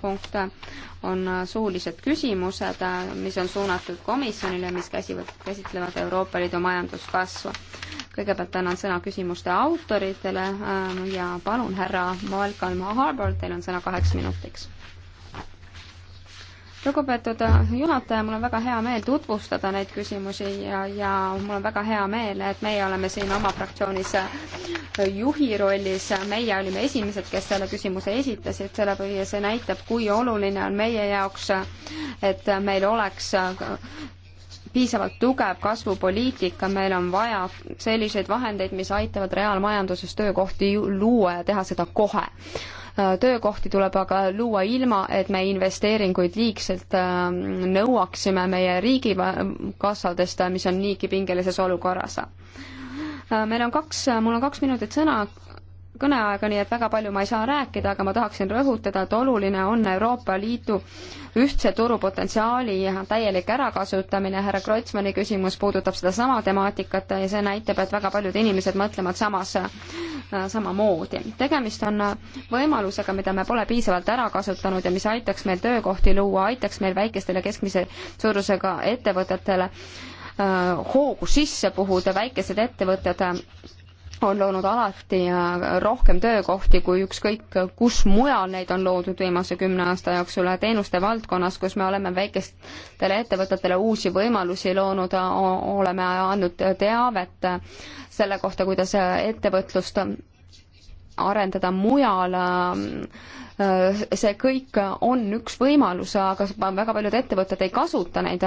punkt on suulised küsimused, mis on suunatud komisjonile, mis käsivad, käsitlevad Euroopa Liidu majanduskasvu. kõigepealt annan sõna küsimuste autoritele äh, ja palun, härra Malcolm Harbour, teil on sõna kaheks minutiks lugupeetud juhataja, mul on väga hea meel tutvustada neid küsimusi ja, ja mul on väga hea meel, et meie oleme siin oma fraktsioonis juhi rollis, meie olime esimesed, kes selle küsimuse esitasid, selle põhja see näitab, kui oluline on meie jaoks, et meil oleks piisavalt tugev kasvupoliitika, meil on vaja selliseid vahendeid, mis aitavad reaalmajanduses töökohti luua ja teha seda kohe Äh, töökohti tuleb aga luua ilma, et me investeeringuid liigselt ähm, nõuaksime meie riigikassadest, äh, mis on niigi pingelises olukorras. Äh, meil on kaks, mul on kaks minutit sõna kõneaega, nii et väga palju ma ei saa rääkida, aga ma tahaksin rõhutada, et oluline on Euroopa Liidu ühtse turupotentsiaali täielik ärakasutamine, härra Kreutzmanni küsimus puudutab sedasama temaatikat ja see näitab, et väga paljud inimesed mõtlevad samas, äh, samamoodi. tegemist on äh, võimalusega, mida me pole piisavalt ära kasutanud ja mis aitaks meil töökohti luua, aitaks meil väikestele keskmise suurusega ettevõtetele äh, hoogu sisse puhuda, väikesed ettevõtted on loonud alati rohkem töökohti kui ükskõik kus mujal neid on loodud viimase kümne aasta jooksul teenuste valdkonnas, kus me oleme väikestele ettevõtetele uusi võimalusi loonud, oleme andnud teavet selle kohta, kuidas ettevõtlust arendada mujal, see kõik on üks võimalus, aga väga paljud ettevõtted ei kasuta neid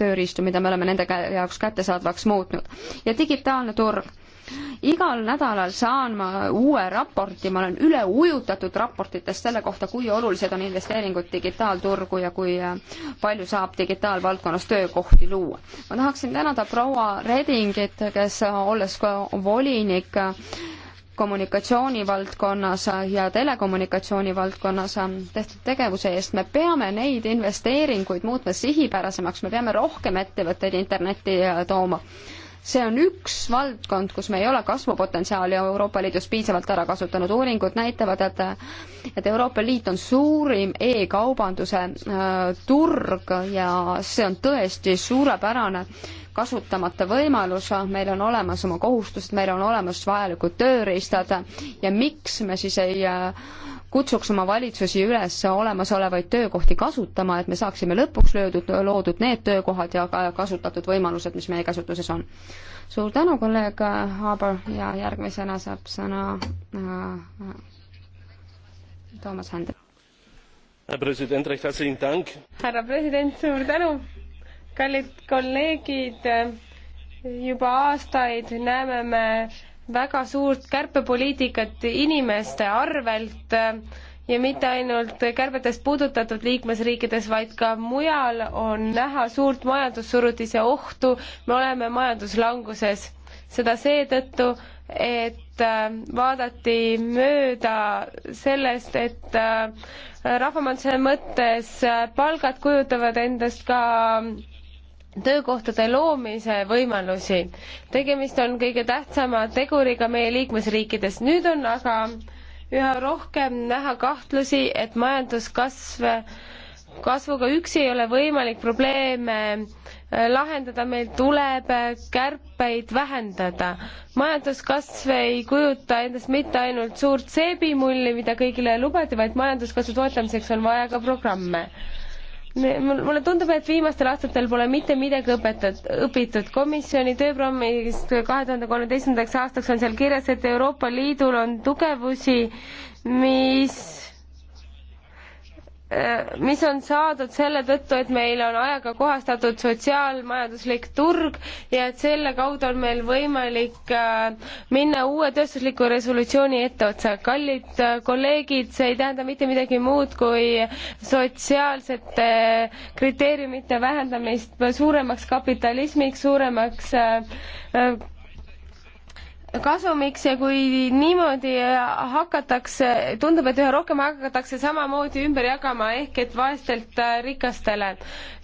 tööriistu, mida me oleme nende jaoks kättesaadavaks muutnud. ja digitaalne turg igal nädalal saan ma uue raporti, ma olen üle ujutatud raportitest selle kohta, kui olulised on investeeringud digitaalturgu ja kui äh, palju saab digitaalvaldkonnas töökohti luua. ma tahaksin tänada proua Redingit, kes äh, olles volinik äh, kommunikatsioonivaldkonnas ja telekommunikatsiooni valdkonnas tehtud tegevuse eest, me peame neid investeeringuid muutma sihipärasemaks, me peame rohkem ettevõtteid internetti tooma see on üks valdkond, kus me ei ole kasvupotentsiaali Euroopa Liidus piisavalt ära kasutanud, uuringud näitavad, et et Euroopa Liit on suurim e-kaubanduse äh, turg ja see on tõesti suurepärane kasutamata võimalus, meil on olemas oma kohustused, meil on olemas vajalikud tööriistad ja miks me siis ei äh, kutsuks oma valitsusi üles olemasolevaid töökohti kasutama, et me saaksime lõpuks löödud, loodud need töökohad ja ka kasutatud võimalused, mis meie käsutuses on. suur tänu, kolleeg Haber ja järgmisena saab sõna äh, Toomas Händel. härra president, suur tänu! kallid kolleegid, juba aastaid näeme me väga suurt kärpepoliitikat inimeste arvelt äh, ja mitte ainult kärbetest puudutatud liikmesriikides, vaid ka mujal on näha suurt majandussurutise ohtu, me oleme majanduslanguses. seda seetõttu, et äh, vaadati mööda sellest, et äh, rahvamajanduse mõttes palgad kujutavad endast ka töökohtade loomise võimalusi. tegemist on kõige tähtsama teguriga meie liikmesriikides. nüüd on aga üha rohkem näha kahtlusi, et majanduskasv, kasvuga üksi ei ole võimalik probleeme äh, lahendada, meil tuleb äh, kärpeid vähendada. majanduskasv ei kujuta endast mitte ainult suurt seebimulli, mida kõigile lubati, vaid majanduskasvu toetamiseks on vaja ka programme mulle tundub, et viimastel aastatel pole mitte midagi õpetat-, õpitud. komisjoni tööprogrammist kahe tuhande kolmeteistkümnendaks aastaks on seal kirjas, et Euroopa Liidul on tugevusi, mis Äh, mis on saadud selle tõttu, et meil on ajaga kohastatud sotsiaalmajanduslik turg ja et selle kaudu on meil võimalik äh, minna uue tööstusliku resolutsiooni etteotsa. kallid äh, kolleegid, see ei tähenda mitte midagi muud kui sotsiaalsete kriteeriumite vähendamist suuremaks kapitalismiks, suuremaks kasumiks ja kui niimoodi hakatakse, tundub, et üha rohkem hakatakse samamoodi ümber jagama, ehk et vaestelt äh, rikastele.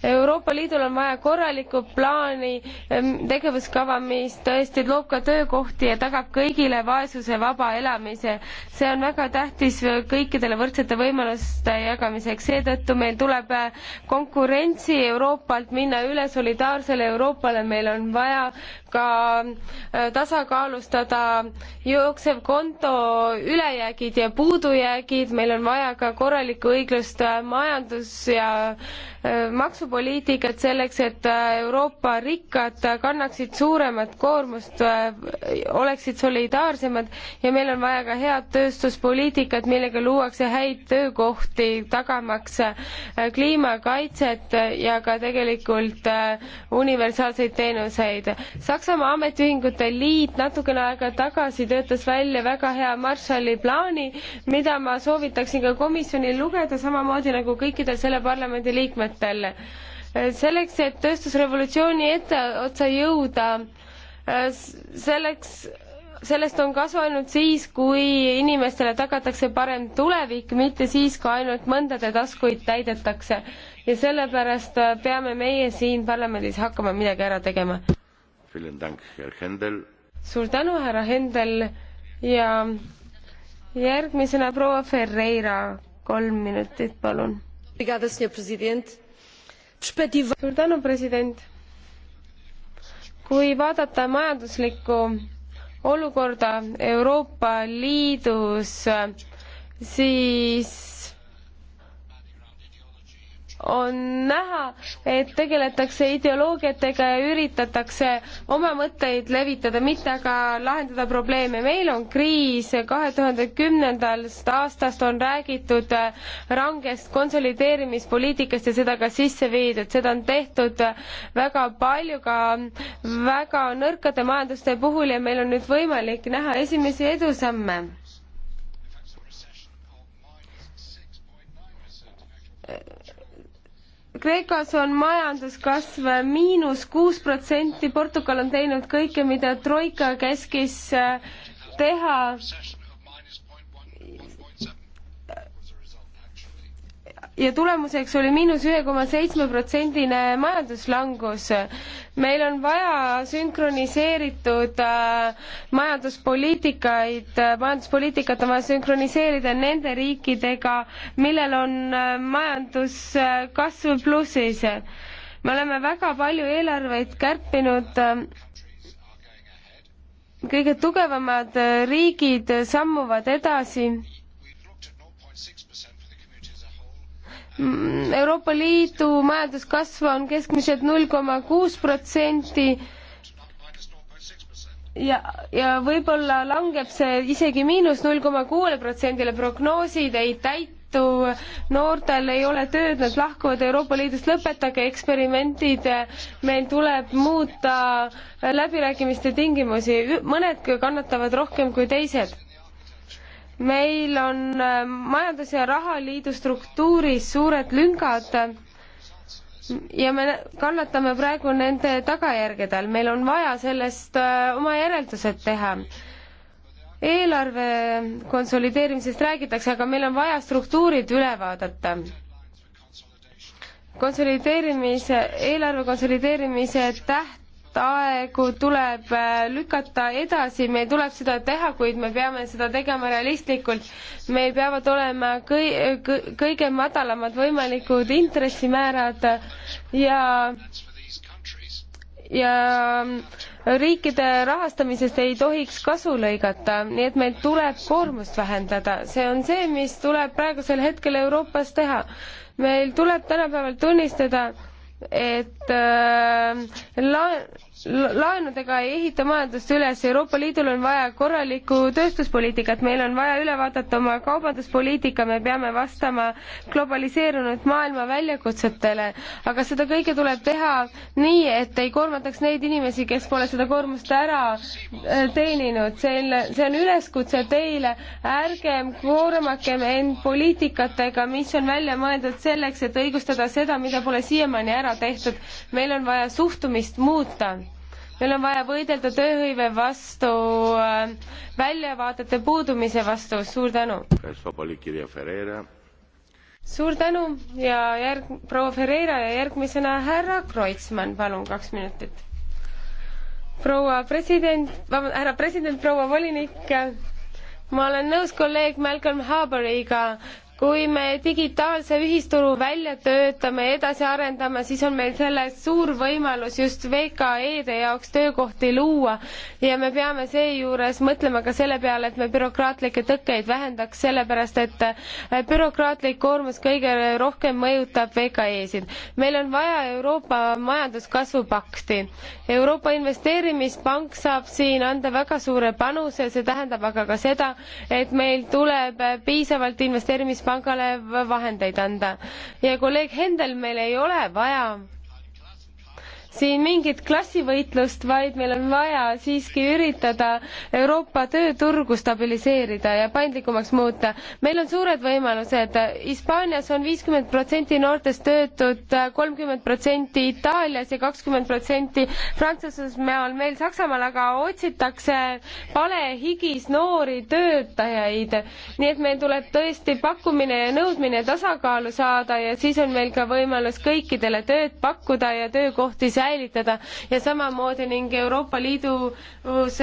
Euroopa Liidul on vaja korralikku plaani, ähm, tegevuskava, mis tõesti loob ka töökohti ja tagab kõigile vaesuse vaba elamise. see on väga tähtis kõikidele võrdsete võimaluste jagamiseks, seetõttu meil tuleb äh, konkurentsi Euroopalt minna üle solidaarsele Euroopale, meil on vaja ka äh, tasakaalustada jooksev konto ülejäägid ja puudujäägid, meil on vaja ka korralikku õiglust äh, majandus- ja äh, maksupoliitikat selleks, et Euroopa rikkad kannaksid suuremat koormust, oleksid solidaarsemad ja meil on vaja ka head tööstuspoliitikat, millega luuakse häid töökohti, tagamaks kliimakaitset ja ka tegelikult universaalseid teenuseid Saks. Saksamaa Ametiühingute Liit natukene aega tagasi töötas välja väga hea Marshalli plaani, mida ma soovitaksin ka komisjonil lugeda, samamoodi nagu kõikidel selle parlamendi liikmetel. selleks, et tööstusrevolutsiooni etteotsa jõuda, selleks sellest on kasu ainult siis, kui inimestele tagatakse parem tulevik, mitte siis, kui ainult mõndade taskuid täidetakse. ja sellepärast peame meie siin parlamendis hakkama midagi ära tegema suur tänu, härra Hendel ja järgmisena proua Ferreira, kolm minutit, palun. suur tänu, president. kui vaadata majanduslikku olukorda Euroopa Liidus, siis on näha, et tegeletakse ideoloogiatega ja üritatakse oma mõtteid levitada, mitte aga lahendada probleeme. meil on kriis, kahe tuhande kümnendast aastast on räägitud rangest konsolideerimispoliitikast ja seda ka sisse viidud, seda on tehtud väga palju ka väga nõrkade majanduste puhul ja meil on nüüd võimalik näha esimesi edusamme Kreekas on majanduskasv miinus kuus protsenti, Portugal on teinud kõike, mida Troika käskis äh, teha ja tulemuseks oli miinus ühe koma seitsme protsendine majanduslangus. meil on vaja sünkroniseeritud äh, majanduspoliitikaid, äh, majanduspoliitikat on vaja sünkroniseerida nende riikidega, millel on äh, majanduskasv plussis. me oleme väga palju eelarveid kärpinud kõige tugevamad riigid sammuvad edasi Mm, Euroopa Liidu majanduskasv on keskmiselt null koma kuus protsenti ja, ja võib-olla langeb see isegi miinus null koma kuuele protsendile, prognoosid ei täitu, noortel ei ole tööd, nad lahkuvad Euroopa Liidust, lõpetage eksperimendid, meil tuleb muuta läbirääkimiste tingimusi, mõned kannatavad rohkem kui teised meil on äh, majandus- ja rahaliidu struktuuris suured lüngad ja me kannatame praegu nende tagajärgede all, meil on vaja sellest äh, oma järeldused teha eelarve konsolideerimisest räägitakse, aga meil on vaja struktuurid üle vaadata. konsolideerimise, eelarve konsolideerimise täht tähtaegu tuleb äh, lükata edasi, meil tuleb seda teha, kuid me peame seda tegema realistlikult. meil peavad olema kõi-, kõige madalamad võimalikud intressimäärad ja ja riikide rahastamisest ei tohiks kasu lõigata, nii et meil tuleb koormust vähendada, see on see, mis tuleb praegusel hetkel Euroopas teha. meil tuleb tänapäeval tunnistada, et äh, la- laenudega ei ehita majandust üles, Euroopa Liidul on vaja korralikku tööstuspoliitikat, meil on vaja üle vaadata oma kaubanduspoliitika, me peame vastama globaliseerunud maailma väljakutsetele, aga seda kõike tuleb teha nii, et ei koormataks neid inimesi, kes pole seda koormust ära äh, teeninud, selle, see on üleskutse teile, ärgem koormakem end poliitikatega, mis on välja mõeldud selleks, et õigustada seda, mida pole siiamaani ära tehtud. meil on vaja suhtumist muuta meil on vaja võidelda tööhõive vastu, äh, väljavaadete puudumise vastu, suur tänu! suur tänu ja järg-, proua Ferreira ja järgmisena härra Kreutzmann, palun, kaks minutit. proua president, vabandust, härra president, proua volinik, ma olen nõus kolleeg Malcolm Harboriga, kui me digitaalse ühisturu välja töötame ja edasi arendame, siis on meil selles suur võimalus just VKE-de jaoks töökohti luua ja me peame seejuures mõtlema ka selle peale, et me bürokraatlikke tõkkeid vähendaks, sellepärast et äh, bürokraatlik koormus kõige rohkem mõjutab VKE-sid. meil on vaja Euroopa majanduskasvu pakti. Euroopa Investeerimispank saab siin anda väga suure panuse, see tähendab aga ka seda, et meil tuleb äh, piisavalt investeerimispakti Pangale vahendeid anda. ja kolleeg Hendel, meil ei ole vaja siin mingit klassivõitlust, vaid meil on vaja siiski üritada Euroopa tööturgu stabiliseerida ja paindlikumaks muuta. meil on suured võimalused, Hispaanias on viiskümmend protsenti noortest töötud, kolmkümmend protsenti Itaalias ja kakskümmend protsenti Prantsusmaal, meil Saksamaal aga otsitakse palehigis noori töötajaid, nii et meil tuleb tõesti pakkumine ja nõudmine tasakaalu saada ja siis on meil ka võimalus kõikidele tööd pakkuda ja töökohti säilitada säilitada ja samamoodi ning Euroopa Liidus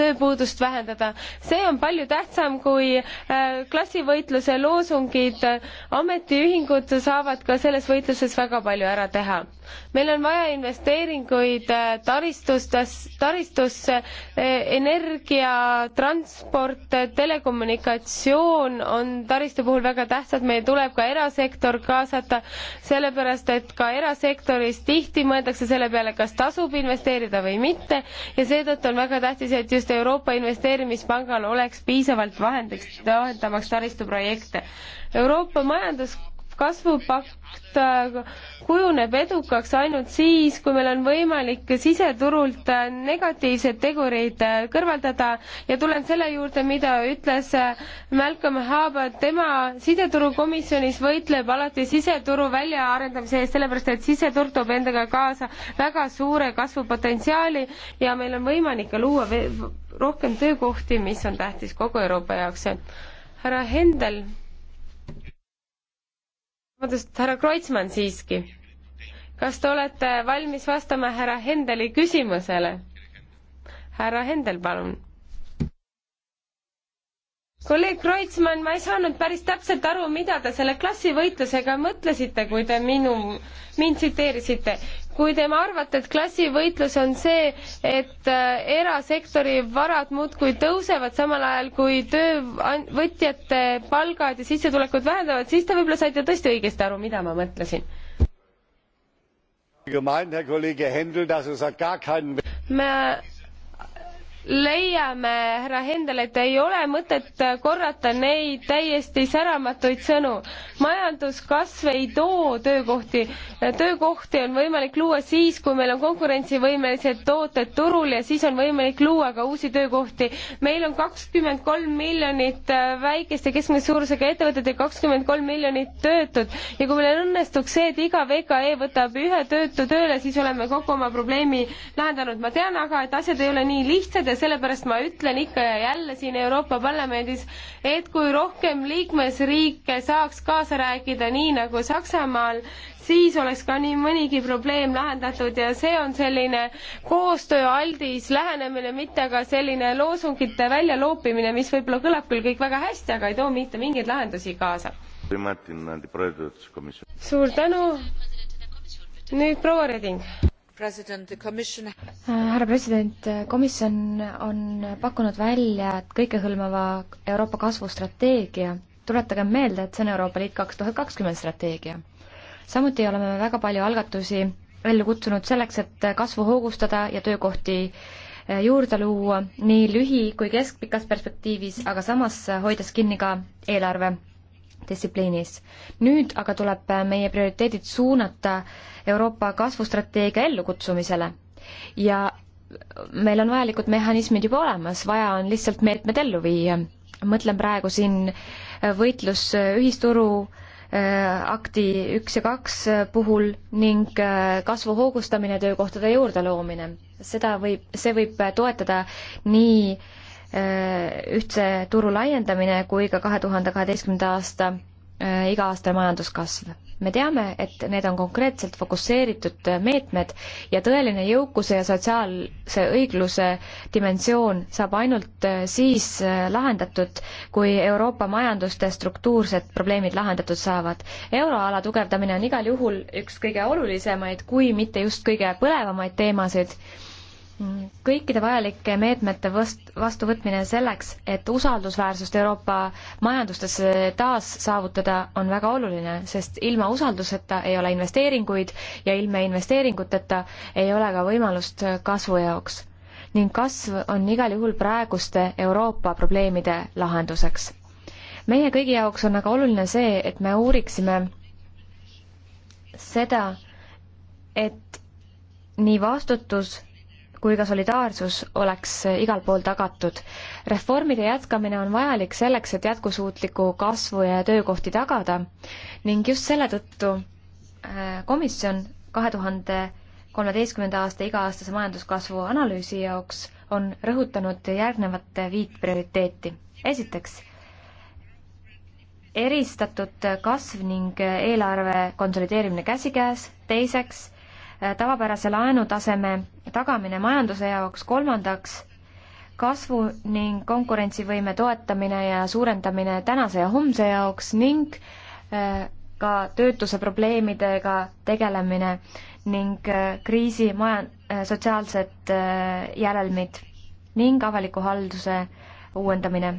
tööpuudust vähendada. see on palju tähtsam kui äh, klassivõitluse loosungid. ametiühingud saavad ka selles võitluses väga palju ära teha meil on vaja investeeringuid äh, taristustes, taristusse, äh, energia, transport, äh, telekommunikatsioon on taristu puhul väga tähtsad, meil tuleb ka erasektor kaasata, sellepärast et ka erasektoris tihti mõeldakse selle peale, kas tasub investeerida või mitte ja seetõttu on väga tähtis, et just Euroopa Investeerimispangal oleks piisavalt vahendiks, vahendamaks taristuprojekte. Euroopa majandus kasvupakt äh, kujuneb edukaks ainult siis, kui meil on võimalik siseturult äh, negatiivsed tegurid äh, kõrvaldada ja tulen selle juurde, mida ütles Malcolm Harbour, tema siseturukomisjonis võitleb alati siseturu väljaarendamise eest, sellepärast et siseturg toob endaga kaasa väga suure kasvupotentsiaali ja meil on võimalik ka luua rohkem töökohti, mis on tähtis kogu Euroopa jaoks. härra Hendel vabandust, härra Kreutzmann siiski. kas te olete valmis vastama härra Hendeli küsimusele? härra Hendel, palun. kolleeg Kreutzmann, ma ei saanud päris täpselt aru, mida te selle klassivõitlusega mõtlesite, kui te minu, mind tsiteerisite kui te arvate, et klassivõitlus on see, et äh, erasektori varad muudkui tõusevad, samal ajal kui töövõtjate palgad ja sissetulekud vähenevad, siis te võib-olla saite tõesti õigesti aru, mida ma mõtlesin. me leiame, härra Hendel, et ei ole mõtet korrata neid täiesti säramatuid sõnu. majanduskasv ei too töökohti. töökohti on võimalik luua siis, kui meil on konkurentsivõimelised tooted turul ja siis on võimalik luua ka uusi töökohti. meil on kakskümmend kolm miljonit äh, väikeste keskmise suurusega ettevõtet ja kakskümmend kolm miljonit töötut ja kui meil õnnestuks see, et iga VKE võtab ühe töötu tööle, siis oleme kogu oma probleemi lahendanud. ma tean aga, et asjad ei ole nii lihtsad ja sellepärast ma ütlen ikka ja jälle siin Euroopa Parlamendis, et kui rohkem liikmesriike saaks kaasa rääkida, nii nagu Saksamaal, siis oleks ka nii mõnigi probleem lahendatud ja see on selline koostööaldis lähenemine, mitte aga selline loosungite väljaloopimine, mis võib-olla kõlab küll kõik väga hästi, aga ei too mitte mingeid lahendusi kaasa. suur tänu. nüüd proua Reding härra president, komisjon on pakkunud välja kõikehõlmava Euroopa kasvustrateegia. tuletagem meelde, et see on Euroopa Liit kaks tuhat kakskümmend strateegia. samuti oleme me väga palju algatusi ellu kutsunud selleks, et kasvu hoogustada ja töökohti eh, juurde luua nii lühi- kui keskpikas perspektiivis, aga samas hoides kinni ka eelarve distsipliinis. nüüd aga tuleb meie prioriteedid suunata Euroopa kasvustrateegia ellukutsumisele ja meil on vajalikud mehhanismid juba olemas, vaja on lihtsalt meetmed ellu viia. mõtlen praegu siin äh, võitlus äh, ühisturu äh, akti üks ja kaks puhul ning kasvu hoogustamine, töökohtade juurde loomine. seda võib, see võib toetada nii ühtse turu laiendamine kui ka kahe tuhande kaheteistkümnenda aasta iga-aastane majanduskasv me teame, et need on konkreetselt fokusseeritud meetmed ja tõeline jõukuse ja sotsiaalse õigluse dimensioon saab ainult äh, siis äh, lahendatud, kui Euroopa majanduste struktuursed probleemid lahendatud saavad. euroala tugevdamine on igal juhul üks kõige olulisemaid, kui mitte just kõige põlevamaid teemasid kõikide vajalike meetmete vast-, vastuvõtmine selleks, et usaldusväärsust Euroopa majandustes taas saavutada, on väga oluline, sest ilma usalduseta ei ole investeeringuid ja ilma investeeringuteta ei ole ka võimalust kasvu jaoks. ning kasv on igal juhul praeguste Euroopa probleemide lahenduseks. meie kõigi jaoks on aga oluline see, et me uuriksime seda, et nii vastutus kui ka solidaarsus oleks igal pool tagatud. reformide jätkamine on vajalik selleks, et jätkusuutliku kasvu ja töökohti tagada ning just selle tõttu äh, komisjon kahe tuhande kolmeteistkümnenda aasta iga-aastase majanduskasvu analüüsi jaoks on rõhutanud järgnevate viit prioriteeti. esiteks, eristatud kasv ning eelarve konsolideerimine käsikäes, teiseks, Äh, tavapärase laenutaseme tagamine majanduse jaoks, kolmandaks kasvu ning konkurentsivõime toetamine ja suurendamine tänase ja homse jaoks ning äh, ka töötuse probleemidega tegelemine ning äh, kriisi maja, sotsiaalsed järelmid ning avaliku halduse uuendamine.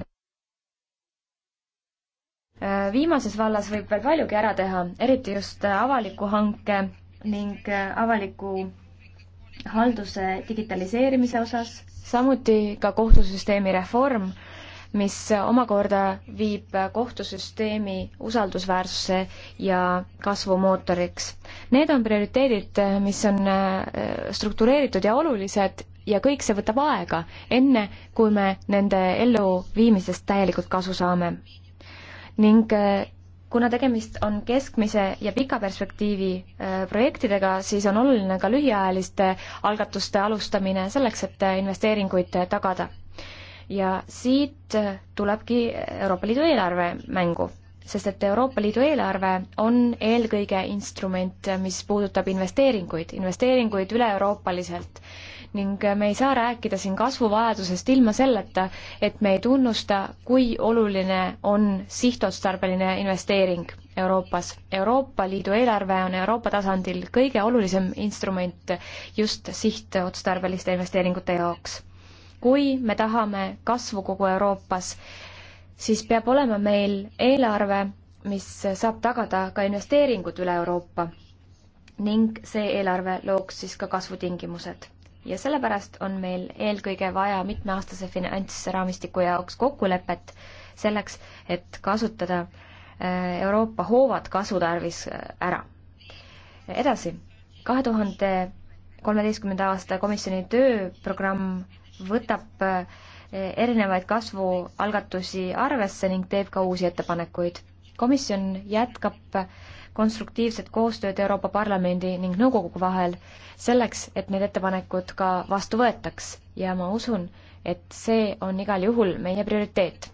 viimases vallas võib veel paljugi ära teha, eriti just avaliku hanke ning äh, avaliku halduse digitaliseerimise osas, samuti ka kohtusüsteemi reform, mis omakorda viib äh, kohtusüsteemi usaldusväärsuse ja kasvumootoriks. Need on prioriteedid, äh, mis on struktureeritud ja olulised ja kõik see võtab aega, enne kui me nende elluviimisest täielikult kasu saame. ning kuna tegemist on keskmise ja pika perspektiivi äh, projektidega, siis on oluline ka lühiajaliste algatuste alustamine selleks, et äh, investeeringuid äh, tagada. ja siit tulebki Euroopa Liidu eelarve mängu, sest et Euroopa Liidu eelarve on eelkõige instrument, mis puudutab investeeringuid, investeeringuid üle-euroopaliselt ning me ei saa rääkida siin kasvuvajadusest ilma selleta, et me ei tunnusta, kui oluline on sihtotstarbeline investeering Euroopas. Euroopa Liidu eelarve on Euroopa tasandil kõige olulisem instrument just sihtotstarbeliste investeeringute jaoks. kui me tahame kasvu kogu Euroopas, siis peab olema meil eelarve, mis saab tagada ka investeeringud üle Euroopa ning see eelarve looks siis ka kasvutingimused ja sellepärast on meil eelkõige vaja mitmeaastase finantsraamistiku jaoks kokkulepet selleks, et kasutada äh, Euroopa hoovad kasutarvis äh, ära. edasi, kahe tuhande kolmeteistkümnenda aasta komisjoni tööprogramm võtab äh, erinevaid kasvualgatusi arvesse ning teeb ka uusi ettepanekuid. komisjon jätkab konstruktiivset koostööd Euroopa Parlamendi ning nõukogu vahel selleks, et need ettepanekud ka vastu võetaks ja ma usun, et see on igal juhul meie prioriteet.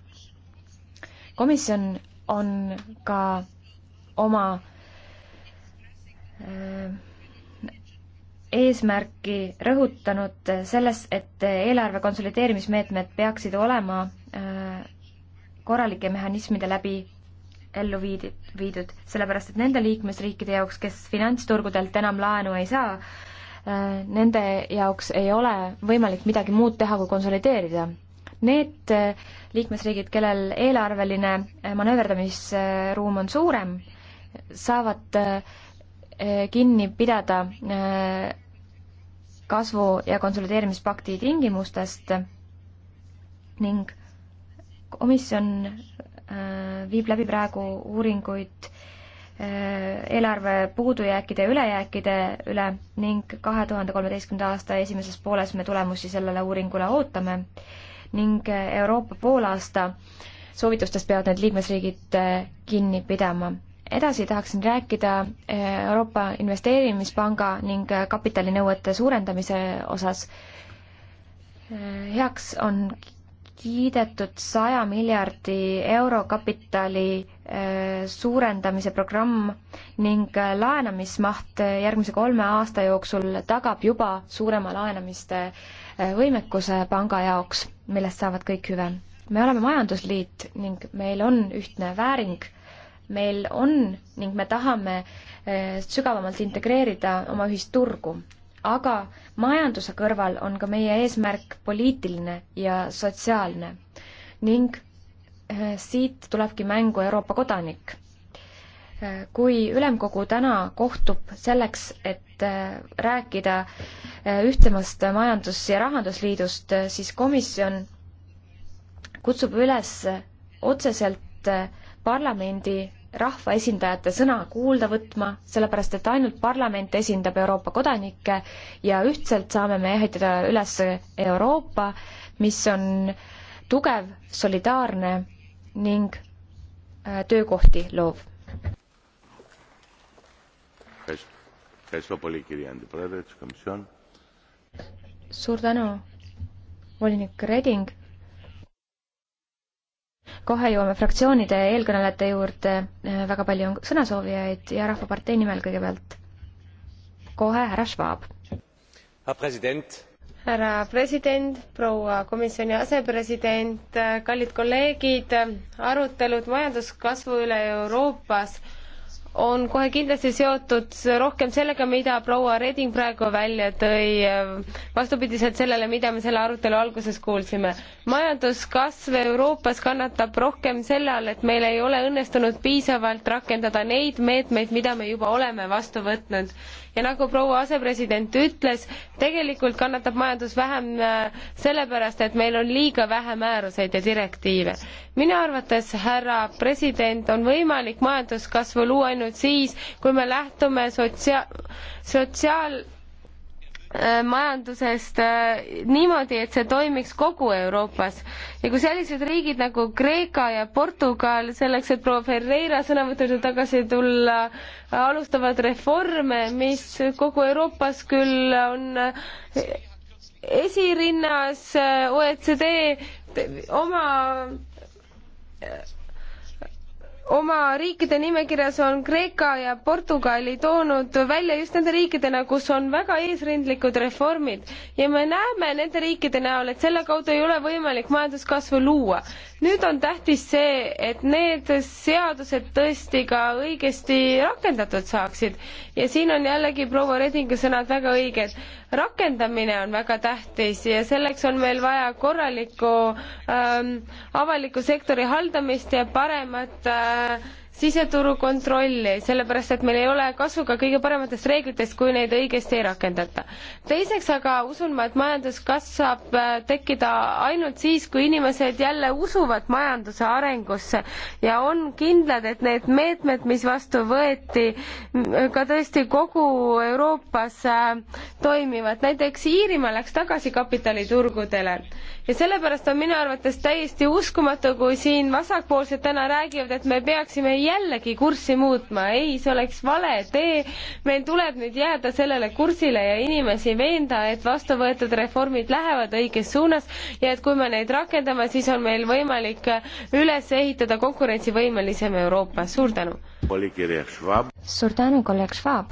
komisjon on ka oma äh, eesmärki rõhutanud selles, et eelarve konsolideerimismeetmed peaksid olema äh, korralike mehhanismide läbi ellu viidid, viidud, sellepärast et nende liikmesriikide jaoks, kes finantsturgudelt enam laenu ei saa, äh, nende jaoks ei ole võimalik midagi muud teha, kui konsolideerida. Need äh, liikmesriigid, kellel eelarveline äh, manööverdamisruum on suurem, saavad kinni pidada kasvu- ja konsolideerimispakti tingimustest ning komisjon Äh, viib läbi praegu uuringuid äh, eelarve puudujääkide ja ülejääkide üle ning kahe tuhande kolmeteistkümnenda aasta esimeses pooles me tulemusi sellele uuringule ootame ning äh, Euroopa poolaasta soovitustest peavad need liikmesriigid kinni pidama. edasi tahaksin rääkida Euroopa Investeerimispanga ning kapitalinõuete suurendamise osas heaks on kiidetud saja miljardi euro kapitali äh, suurendamise programm ning äh, laenamismaht äh, järgmise kolme aasta jooksul tagab juba suurema laenamiste võimekuse panga jaoks, millest saavad kõik hüve. me oleme majandusliit ning meil on ühtne vääring, meil on ning me tahame sügavamalt integreerida oma ühist turgu aga majanduse kõrval on ka meie eesmärk poliitiline ja sotsiaalne ning eh, siit tulebki mängu Euroopa kodanik. Eh, kui ülemkogu täna kohtub selleks, et eh, rääkida ühtsemast majandus- ja rahandusliidust, siis komisjon kutsub üles otseselt parlamendi rahvaesindajate sõna kuulda võtma, sellepärast et ainult parlament esindab Euroopa kodanikke ja ühtselt saame me ehitada üles Euroopa, mis on tugev, solidaarne ning äh, töökohti loov. suur tänu, volinik Reding kohe jõuame fraktsioonide eelkõnelejate juurde, äh, väga palju on sõnasoovijaid ja Rahvapartei nimel kõigepealt kohe härra Schwab. härra president, proua komisjoni asepresident, kallid kolleegid, arutelud majanduskasvu üle Euroopas on kohe kindlasti seotud rohkem sellega, mida proua Reding praegu välja tõi, vastupidiselt sellele, mida me selle arutelu alguses kuulsime. majanduskasv Euroopas kannatab rohkem selle all, et meil ei ole õnnestunud piisavalt rakendada neid meetmeid, mida me juba oleme vastu võtnud ja nagu proua asepresident ütles, tegelikult kannatab majandus vähem äh, sellepärast, et meil on liiga vähe määruseid ja direktiive. minu arvates, härra president, on võimalik majanduskasvu luua ainult siis, kui me lähtume sotsia-, sotsiaal- Äh, majandusest äh, niimoodi, et see toimiks kogu Euroopas. ja kui sellised riigid nagu Kreeka ja Portugal selleks, et proua Ferreira sõnavõtu juurde tagasi tulla, alustavad reforme, mis kogu Euroopas küll on äh, esirinnas OECD oma oma riikide nimekirjas on Kreeka ja Portugali toonud välja just nende riikidena, kus on väga eesrindlikud reformid ja me näeme nende riikide näol, et selle kaudu ei ole võimalik majanduskasvu luua. nüüd on tähtis see, et need seadused tõesti ka õigesti rakendatud saaksid ja siin on jällegi proua Redingu sõnad väga õiged. rakendamine on väga tähtis ja selleks on meil vaja korralikku ähm, avaliku sektori haldamist ja paremat äh, siseturu kontrolli, sellepärast et meil ei ole kasu ka kõige parematest reeglitest, kui neid õigesti ei rakendata. teiseks aga usun ma, et majanduskasv saab äh, tekkida ainult siis, kui inimesed jälle usuvad majanduse arengusse ja on kindlad, et need meetmed, mis vastu võeti, ka tõesti kogu Euroopas äh, toimivad. näiteks Iirimaa läks tagasi kapitaliturgudele ja sellepärast on minu arvates täiesti uskumatu, kui siin vasakpoolsed täna räägivad, et me peaksime jällegi kurssi muutma. ei, see oleks vale tee. meil tuleb nüüd jääda sellele kursile ja inimesi veenda, et vastu võetud reformid lähevad õiges suunas ja et kui me neid rakendame, siis on meil võimalik üles ehitada konkurentsivõimelisem Euroopa. suur tänu! suur tänu, kolleeg Schwab!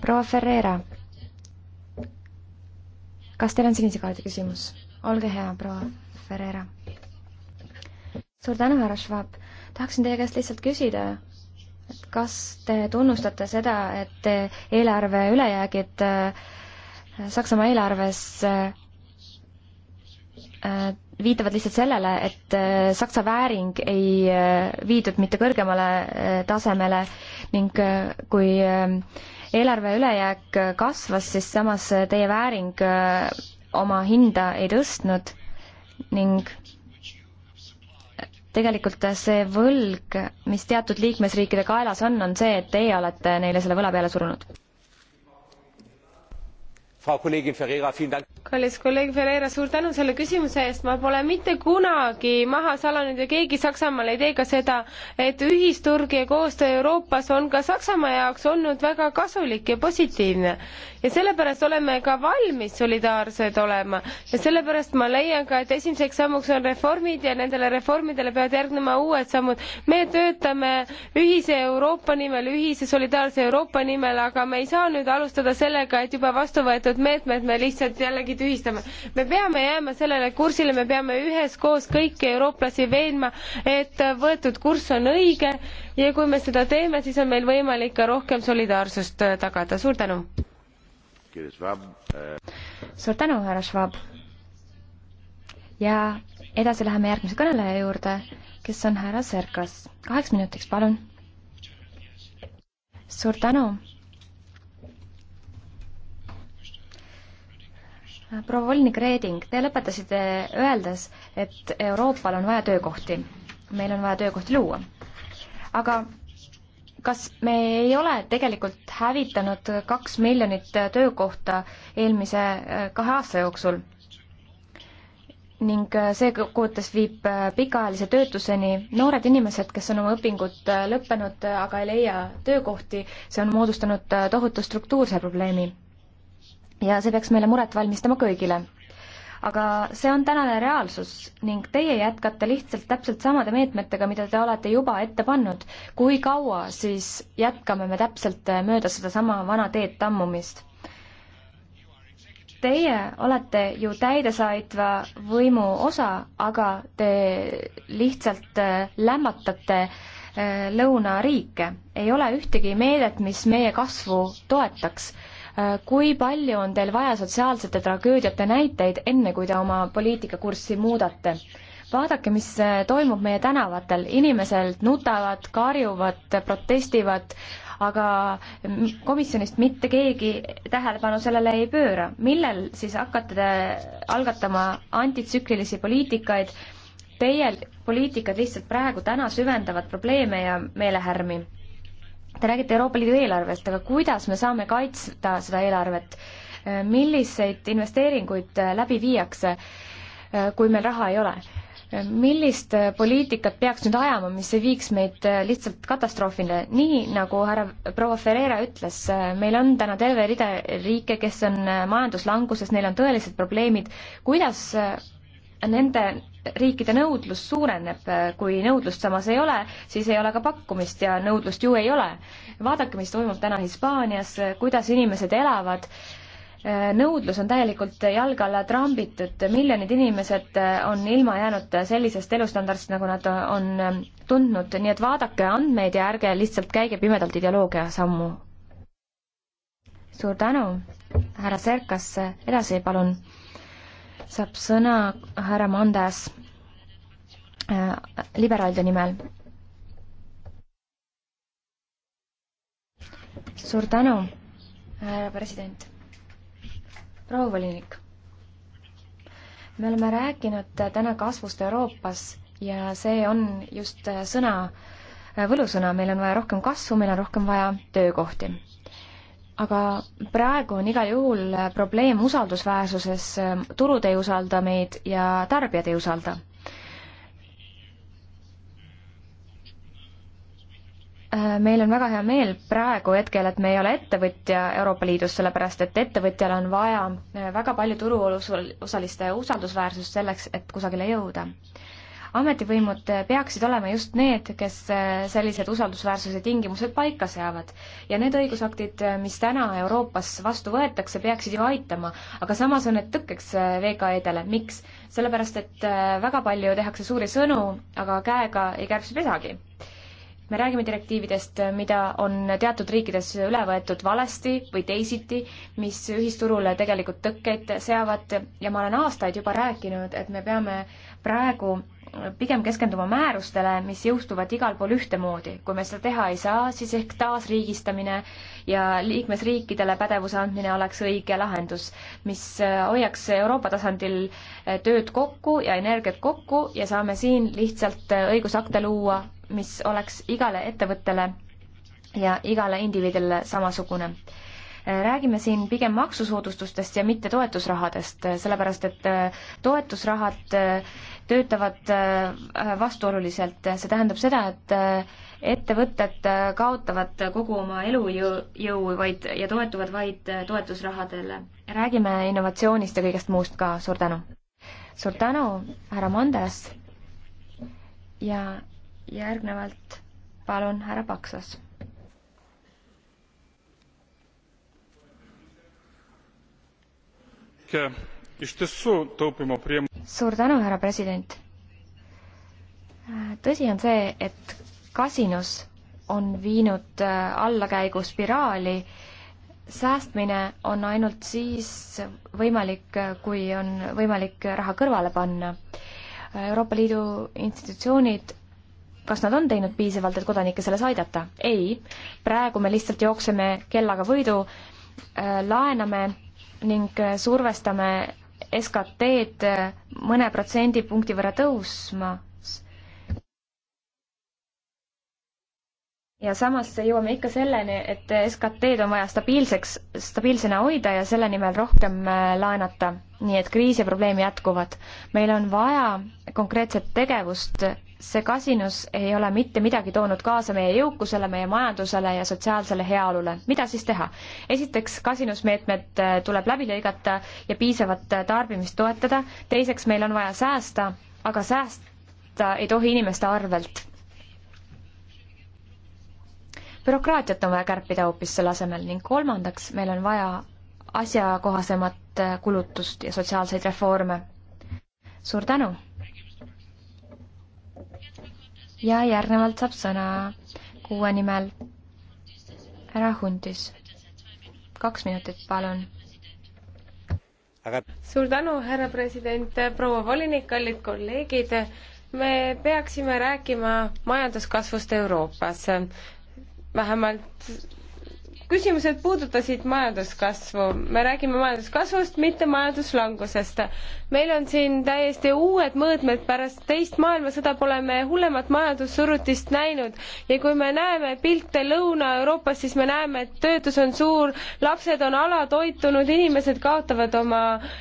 proua Ferreira kas teil on sinise kaardi küsimus? olge hea, proua Ferreira. suur tänu, härra Schwab. tahaksin teie käest lihtsalt küsida, et kas te tunnustate seda, et eelarve ülejäägid äh, Saksamaa eelarves äh, äh, viitavad lihtsalt sellele, et Saksa vääring ei viidud mitte kõrgemale tasemele ning kui eelarve ülejääk kasvas, siis samas teie vääring äh, oma hinda ei tõstnud ning tegelikult see võlg, mis teatud liikmesriikide kaelas on, on see, et teie olete neile selle võla peale surunud kallis kolleeg Ferreira, suur tänu selle küsimuse eest, ma pole mitte kunagi maha salanud ja keegi Saksamaal ei tee ka seda, et ühisturg ja koostöö Euroopas on ka Saksamaa jaoks olnud väga kasulik ja positiivne. ja sellepärast oleme ka valmis solidaarsed olema ja sellepärast ma leian ka, et esimeseks sammuks on reformid ja nendele reformidele peavad järgnema uued sammud. me töötame ühise Euroopa nimel, ühise solidaarse Euroopa nimel, aga me ei saa nüüd alustada sellega, et juba vastu võetud millised meetmed me lihtsalt jällegi tühistame. me peame jääma sellele kursile, me peame üheskoos kõiki eurooplasi veenma, et võetud kurss on õige ja kui me seda teeme, siis on meil võimalik ka rohkem solidaarsust äh, tagada. suur tänu! Äh. suur tänu, härra Schwab! ja edasi läheme järgmise kõneleja juurde, kes on härra Serkas. kaheks minutiks, palun. suur tänu. proua volinik Reeding, te lõpetasite öeldes, et Euroopal on vaja töökohti. meil on vaja töökohti luua. aga kas me ei ole tegelikult hävitanud kaks miljonit töökohta eelmise äh, kahe aasta jooksul? ning äh, see kokkuvõttes viib äh, pikaajalise töötuseni noored inimesed, kes on oma õpingud lõppenud, aga ei leia töökohti, see on moodustanud tohutu struktuurse probleemi ja see peaks meile muret valmistama kõigile. aga see on tänane reaalsus ning teie jätkate lihtsalt täpselt samade meetmetega, mida te olete juba ette pannud. kui kaua siis jätkame me täpselt mööda sedasama vana teed tammumist? Teie olete ju täidesaatva võimu osa, aga te lihtsalt äh, lämmatate äh, lõunariike. ei ole ühtegi meedet, mis meie kasvu toetaks Äh, kui palju on teil vaja sotsiaalsete tragöödiate näiteid, enne kui te oma poliitikakurssi muudate? vaadake, mis äh, toimub meie tänavatel, inimesed nutavad, karjuvad, protestivad, aga komisjonist mitte keegi tähelepanu sellele ei pööra. millel siis hakkate te algatama antitsüklilisi poliitikaid? Teie poliitikad lihtsalt praegu täna süvendavad probleeme ja meelehärmi. Te räägite Euroopa Liidu eelarvest, aga kuidas me saame kaitsta seda eelarvet? milliseid investeeringuid läbi viiakse, kui meil raha ei ole? millist poliitikat peaks nüüd ajama, mis ei viiks meid lihtsalt katastroofile, nii nagu härra proua Ferreira ütles, meil on täna terve rida riike, kes on majanduslanguses, neil on tõelised probleemid, kuidas nende riikide nõudlus suureneb, kui nõudlust samas ei ole, siis ei ole ka pakkumist ja nõudlust ju ei ole. vaadake, mis toimub täna Hispaanias, kuidas inimesed elavad, nõudlus on täielikult jalge alla trambitud, miljonid inimesed on ilma jäänud sellisest elustandardist, nagu nad on tundnud, nii et vaadake andmeid ja ärge lihtsalt käige pimedalt ideoloogia sammu. suur tänu, härra Serkas, edasi palun saab sõna härra Mondas äh, liberaalide nimel. suur tänu, härra president. proua volinik. me oleme rääkinud täna kasvust Euroopas ja see on just äh, sõna, äh, võlusõna, meil on vaja rohkem kasvu, meil on rohkem vaja töökohti aga praegu on igal juhul probleem usaldusväärsuses, turud ei usalda meid ja tarbijad ei usalda. meil on väga hea meel praegu hetkel, et me ei ole ettevõtja Euroopa Liidus, sellepärast et ettevõtjal on vaja väga palju turuosaliste usaldusväärsust selleks, et kusagile jõuda ametivõimud peaksid olema just need, kes äh, sellised usaldusväärsuse tingimused paika seavad. ja need õigusaktid, äh, mis täna Euroopas vastu võetakse, peaksid ju aitama, aga samas on need tõkkeks äh, VKE-dele, miks? sellepärast, et väga palju tehakse suuri sõnu, aga käega ei kärbse pesagi me räägime direktiividest, mida on teatud riikides üle võetud valesti või teisiti, mis ühisturule tegelikult tõkkeid seavad ja ma olen aastaid juba rääkinud, et me peame äh, praegu pigem keskenduma määrustele, mis jõustuvad igal pool ühtemoodi. kui me seda teha ei saa, siis ehk taasriigistamine ja liikmesriikidele pädevuse andmine oleks õige lahendus, mis äh, hoiaks Euroopa tasandil äh, tööd kokku ja energiat kokku ja saame siin lihtsalt äh, õigusakte luua, mis oleks igale ettevõttele ja igale indiviidile samasugune räägime siin pigem maksusoodustustest ja mitte toetusrahadest, sellepärast et äh, toetusrahad äh, töötavad äh, vastuoluliselt, see tähendab seda, et ettevõtted kaotavad kogu oma elujõu vaid ja toetuvad vaid toetusrahadele. räägime innovatsioonist ja kõigest muust ka, suur tänu! suur tänu, härra Mandas! ja järgnevalt palun härra Paksas suur tänu, härra president. tõsi on see, et kasinus on viinud äh, allakäigu spiraali. säästmine on ainult siis võimalik, äh, kui on võimalik raha kõrvale panna. Euroopa Liidu institutsioonid, kas nad on teinud piisavalt, et kodanikke selles aidata? ei, praegu me lihtsalt jookseme kellaga võidu, äh, laename ning äh, survestame SKT-d äh, mõne protsendipunkti võrra tõusma. ja samas jõuame ikka selleni, et äh, SKT-d on vaja stabiilseks, stabiilsena hoida ja selle nimel rohkem laenata, nii et kriis ja probleem jätkuvad. meil on vaja konkreetset tegevust see kasinus ei ole mitte midagi toonud kaasa meie jõukusele, meie majandusele ja sotsiaalsele heaolule. mida siis teha? esiteks, kasinusmeetmed äh, tuleb läbi lõigata ja piisavat äh, tarbimist toetada, teiseks, meil on vaja säästa, aga säästa ei tohi inimeste arvelt. bürokraatiat on vaja kärpida hoopis selle asemel ning kolmandaks, meil on vaja asjakohasemat äh, kulutust ja sotsiaalseid reforme. suur tänu! ja järgnevalt saab sõna kuue nimel härra Huntis. kaks minutit, palun. suur tänu, härra president, proua volinik, kallid kolleegid. me peaksime rääkima majanduskasvust Euroopas. vähemalt küsimused puudutasid majanduskasvu. me räägime majanduskasvust, mitte majanduslangusest. meil on siin täiesti uued mõõtmed, pärast teist maailmasõda pole me hullemat majandussurutist näinud ja kui me näeme pilte Lõuna-Euroopas, siis me näeme, et töötus on suur, lapsed on alatoitunud, inimesed kaotavad oma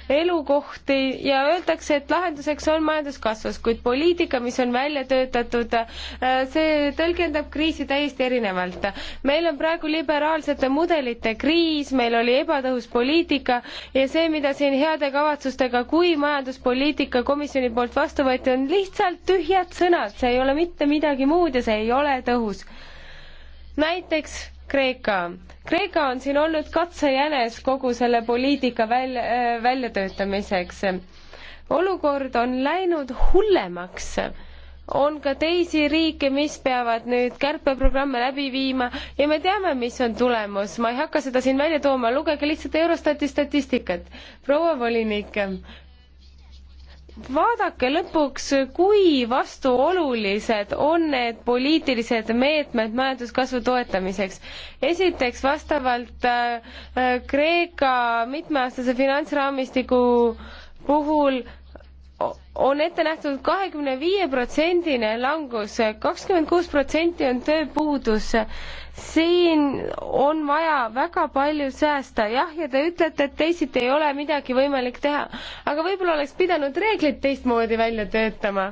elukohti ja öeldakse, et lahenduseks on majanduskasvus, kuid poliitika, mis on välja töötatud, äh, see tõlgendab kriisi täiesti erinevalt. meil on praegu liberaalsed ühtsete mudelite kriis, meil oli ebatõhus poliitika ja see, mida siin heade kavatsustega kui majanduspoliitika komisjoni poolt vastu võeti, on lihtsalt tühjad sõnad, see ei ole mitte midagi muud ja see ei ole tõhus. näiteks Kreeka. Kreeka on siin olnud katsejänes kogu selle poliitika välja, väljatöötamiseks. olukord on läinud hullemaks on ka teisi riike, mis peavad nüüd kärpeprogramme läbi viima ja me teame, mis on tulemus. ma ei hakka seda siin välja tooma, lugege lihtsalt Eurostati statistikat. proua volinik, vaadake lõpuks, kui vastuolulised on need poliitilised meetmed majanduskasvu toetamiseks. esiteks vastavalt äh, Kreeka mitmeaastase finantsraamistiku puhul on ette nähtud kahekümne viie protsendine langus, kakskümmend kuus protsenti on tööpuudus. siin on vaja väga palju säästa, jah, ja te ütlete, et teisiti ei ole midagi võimalik teha, aga võib-olla oleks pidanud reeglid teistmoodi välja töötama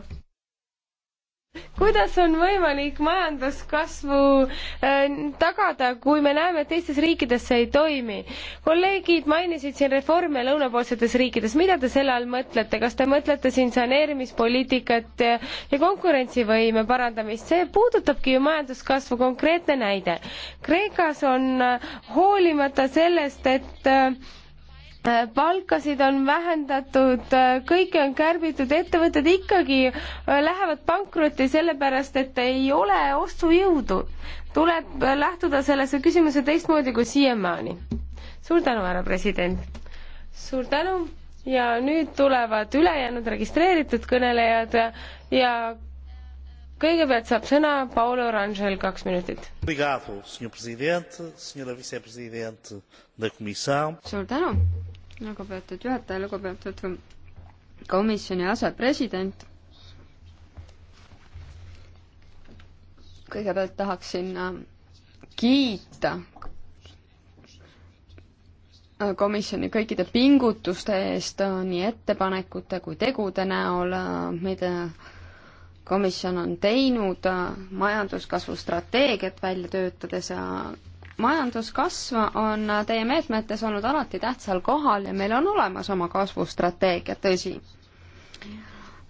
kuidas on võimalik majanduskasvu äh, tagada, kui me näeme, et teistes riikides see ei toimi? kolleegid mainisid siin reforme lõunapoolsetes riikides, mida te selle all mõtlete, kas te mõtlete siin saneerimispoliitikat ja konkurentsivõime parandamist, see puudutabki ju majanduskasvu, konkreetne näide. Kreekas on äh, hoolimata sellest, et äh, palkasid on vähendatud, kõike on kärbitud, ettevõtted ikkagi äh, lähevad pankrotti sellepärast, et ei ole ostujõudu. tuleb äh, lähtuda sellesse küsimuse teistmoodi kui siiamaani. suur tänu, härra president. suur tänu ja nüüd tulevad ülejäänud registreeritud kõnelejad ja kõigepealt saab sõna Paolo Rangel, kaks minutit. suur tänu lugupeetud juhataja, lugupeetud komisjoni asepresident. kõigepealt tahaksin äh, kiita komisjoni kõikide pingutuste eest äh, nii ettepanekute kui tegude näol, äh, mida komisjon on teinud majanduskasvu strateegiat välja töötades ja majanduskasv on teie meetmetes olnud alati tähtsal kohal ja meil on olemas oma kasvustrateegia, tõsi.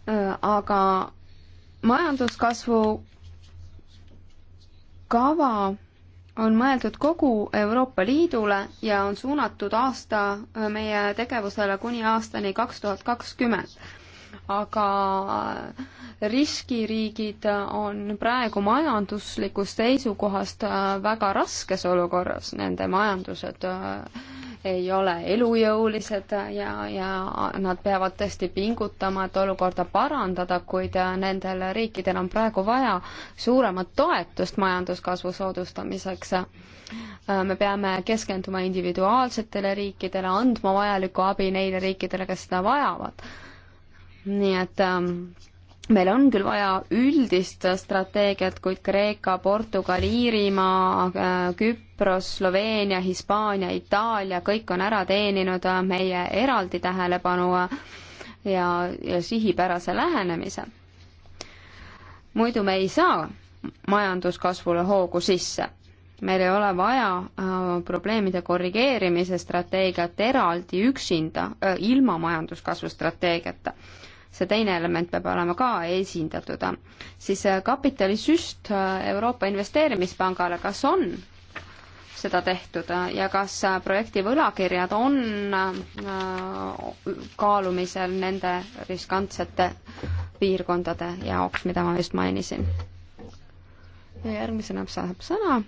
Äh, aga majanduskasvu kava on mõeldud kogu Euroopa Liidule ja on suunatud aasta äh, meie tegevusele kuni aastani kaks tuhat kakskümmend aga riskiriigid on praegu majanduslikust seisukohast väga raskes olukorras, nende majandused äh, ei ole elujõulised ja, ja nad peavad tõesti pingutama, et olukorda parandada, kuid äh, nendel riikidel on praegu vaja suuremat toetust majanduskasvu soodustamiseks. Äh, me peame keskenduma individuaalsetele riikidele, andma vajalikku abi neile riikidele, kes seda vajavad nii et ähm, meil on küll vaja üldist strateegiat, kuid Kreeka, Portugal, Iirimaa, äh, Küpros, Sloveenia, Hispaania, Itaalia, kõik on ära teeninud äh, meie eraldi tähelepanu äh, ja, ja sihipärase lähenemise. muidu me ei saa majanduskasvule hoogu sisse. meil ei ole vaja äh, probleemide korrigeerimise strateegiat eraldi üksinda äh,, ilma majanduskasvu strateegiata see teine element peab olema ka esindatud, siis äh, kapitalisüst äh, Euroopa Investeerimispangale, kas on seda tehtud äh, ja kas projekti võlakirjad on kaalumisel nende riskantsete piirkondade jaoks, mida ma just mainisin? ja järgmisena saab sõna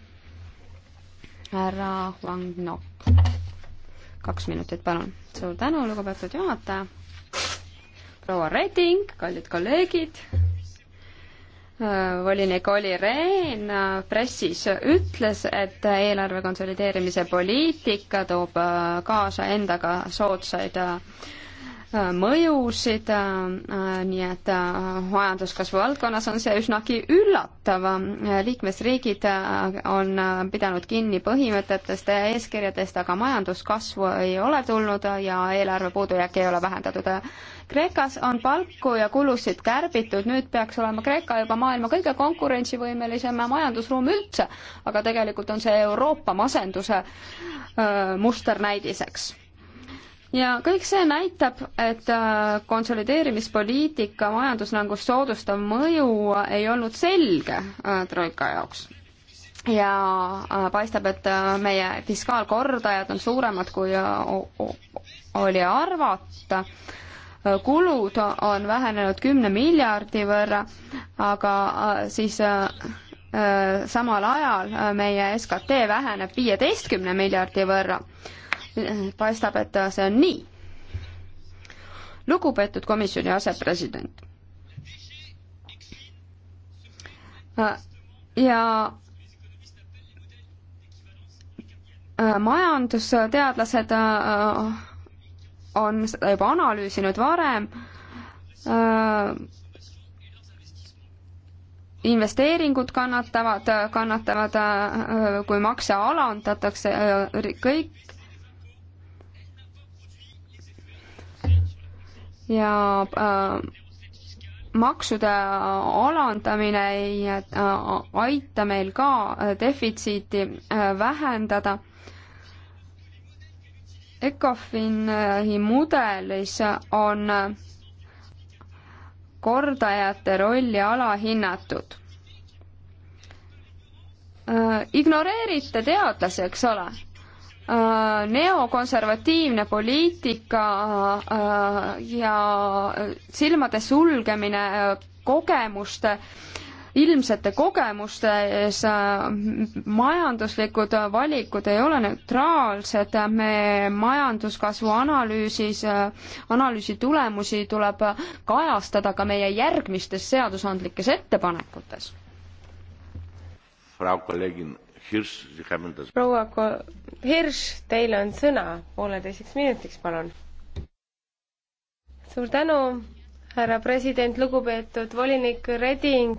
härra Wang Nok. kaks minutit, palun. suur tänu, lugupeetud juhataja proua Reding, kallid kolleegid, volinik äh, Oli Rehn äh, pressis äh, ütles, et eelarve konsolideerimise poliitika toob kaasa endaga soodsaid mõjusid, nii et majanduskasvu valdkonnas on see üsnagi üllatav. liikmesriigid on pidanud kinni põhimõtetest ja eeskirjadest, aga majanduskasvu ei ole tulnud ja eelarve puudujääk ei ole vähendatud Kreekas on palku ja kulusid kärbitud, nüüd peaks olema Kreeka juba maailma kõige konkurentsivõimelisem majandusruum üldse, aga tegelikult on see Euroopa masenduse musternäidiseks ja kõik see näitab, et konsolideerimispoliitika majanduslangust soodustav mõju ei olnud selge Troika jaoks. ja paistab, et meie fiskaalkordajad on suuremad, kui oli arvata kulud on vähenenud kümne miljardi võrra, aga äh, siis äh, äh, samal ajal meie SKT väheneb viieteistkümne miljardi võrra. paistab, et see on nii. lugupeetud komisjoni asepresident. ja majandusteadlased on seda juba analüüsinud varem äh, investeeringud kannatavad, kannatavad, äh, kui makse alandatakse, äh, kõik. ja äh, maksude alandamine ei äh, aita meil ka defitsiiti äh, vähendada ECOFIN-i äh, mudelis on kordajate rolli alahinnatud. Äh, ignoreerite teadlasi, eks ole äh, neokonservatiivne poliitika ja silmade sulgemine kogemuste ilmsete kogemustes majanduslikud valikud ei ole neutraalsed, me majanduskasvu analüüsis, analüüsi tulemusi tuleb kajastada ka meie järgmistes seadusandlikes ettepanekutes. proua Hirš, teil on sõna pooleteiseks minutiks, palun. suur tänu härra president, lugupeetud volinik Reding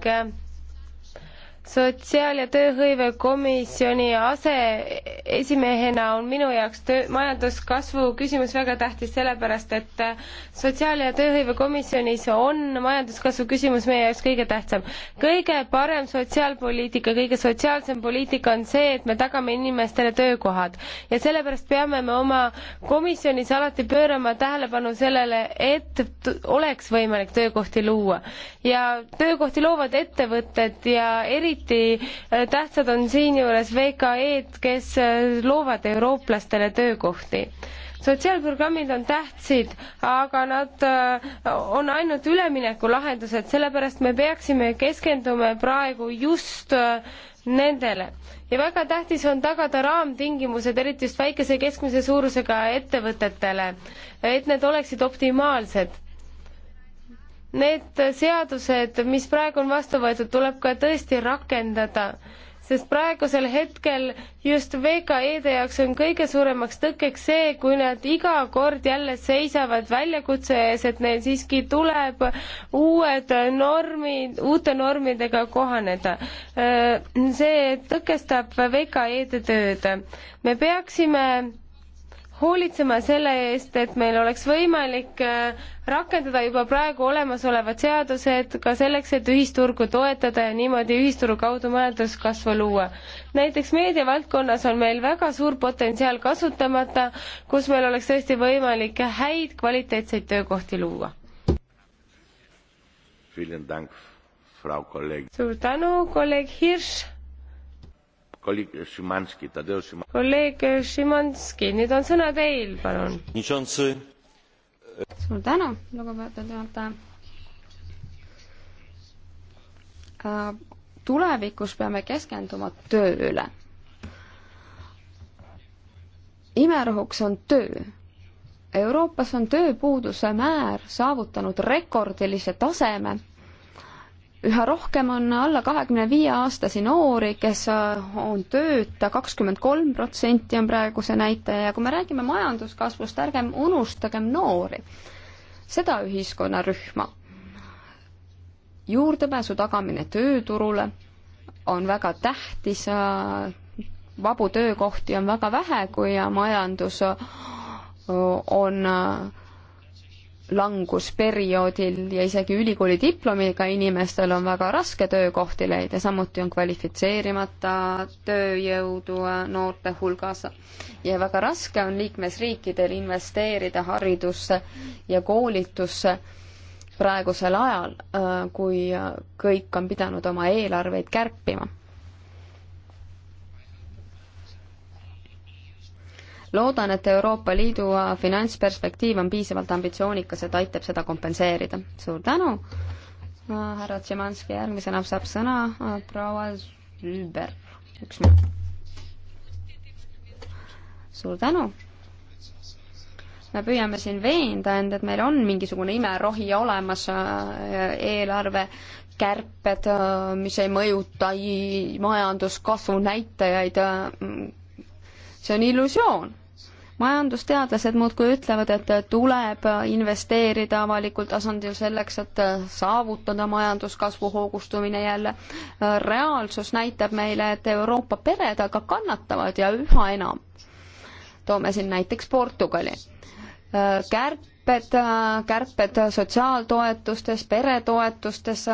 sotsiaal- ja tööhõivekomisjoni aseesimehena on minu jaoks töö, majanduskasvu küsimus väga tähtis, sellepärast et äh, sotsiaal- ja tööhõivekomisjonis on majanduskasvu küsimus meie jaoks kõige tähtsam. kõige parem sotsiaalpoliitika, kõige sotsiaalsem poliitika on see, et me tagame inimestele töökohad ja sellepärast peame me oma komisjonis alati pöörama tähelepanu sellele, et oleks võimalik töökohti luua ja töökohti loovad ettevõtted ja eriti eriti äh, tähtsad on siinjuures VKE-d, kes äh, loovad eurooplastele töökohti sotsiaalprogrammid on tähtsid, aga nad äh, on ainult üleminekulahendused, sellepärast me peaksime keskenduma praegu just nendele. ja väga tähtis on tagada raamtingimused, eriti just väikese ja keskmise suurusega ettevõtetele, et need oleksid optimaalsed need seadused, mis praegu on vastu võetud, tuleb ka tõesti rakendada, sest praegusel hetkel just VKE-de jaoks on kõige suuremaks tõkkeks see, kui nad iga kord jälle seisavad väljakutse ees, et neil siiski tuleb uued normid, uute normidega kohaneda. see tõkestab VKE-de tööd. me peaksime hoolitsema selle eest, et meil oleks võimalik äh, rakendada juba praegu olemasolevad seadused ka selleks, et ühisturgu toetada ja niimoodi ühisturu kaudu majanduskasvu luua. näiteks meediavaldkonnas on meil väga suur potentsiaal kasutamata, kus meil oleks tõesti võimalik häid kvaliteetseid töökohti luua. suur tänu, kolleeg Hirš kolleeg Šimanski, nüüd on sõna teil, palun. suur tänu, lugupeetud juhataja tulevikus peame keskenduma tööle. imerohuks on töö. Euroopas on tööpuuduse määr saavutanud rekordilise taseme üha rohkem on alla kahekümne viie aastasi noori, kes äh, on tööta, kakskümmend kolm protsenti on praegu see näitaja ja kui me räägime majanduskasvust, ärgem unustagem noori, seda ühiskonnarühma. juurdepääsu tagamine tööturule on väga tähtis, äh, vabu töökohti on väga vähe, kui majandus äh, on langusperioodil ja isegi ülikooli diplomiga inimestel on väga raske töökohti leida, samuti on kvalifitseerimata tööjõudu noorte hulgas. ja väga raske on liikmesriikidel investeerida haridusse ja koolitusse praegusel ajal, äh, kui kõik on pidanud oma eelarveid kärpima loodan, et Euroopa Liidu äh, finantsperspektiiv on piisavalt ambitsioonikas ja ta aitab seda kompenseerida. suur tänu, äh, härra Tšemanski, järgmisena saab sõna äh, proua Züber, üks minut. suur tänu me püüame siin veenda end, et meil on mingisugune imerohi olemas, eelarve kärped, mis ei mõjuta majanduskasvu näitajaid, see on illusioon. majandusteadlased muudkui ütlevad, et tuleb investeerida avalikul tasandil selleks, et saavutada majanduskasvu hoogustumine jälle. reaalsus näitab meile, et Euroopa pered aga kannatavad ja üha enam. toome siin näiteks Portugali. kärped, kärped sotsiaaltoetustes, peretoetustes,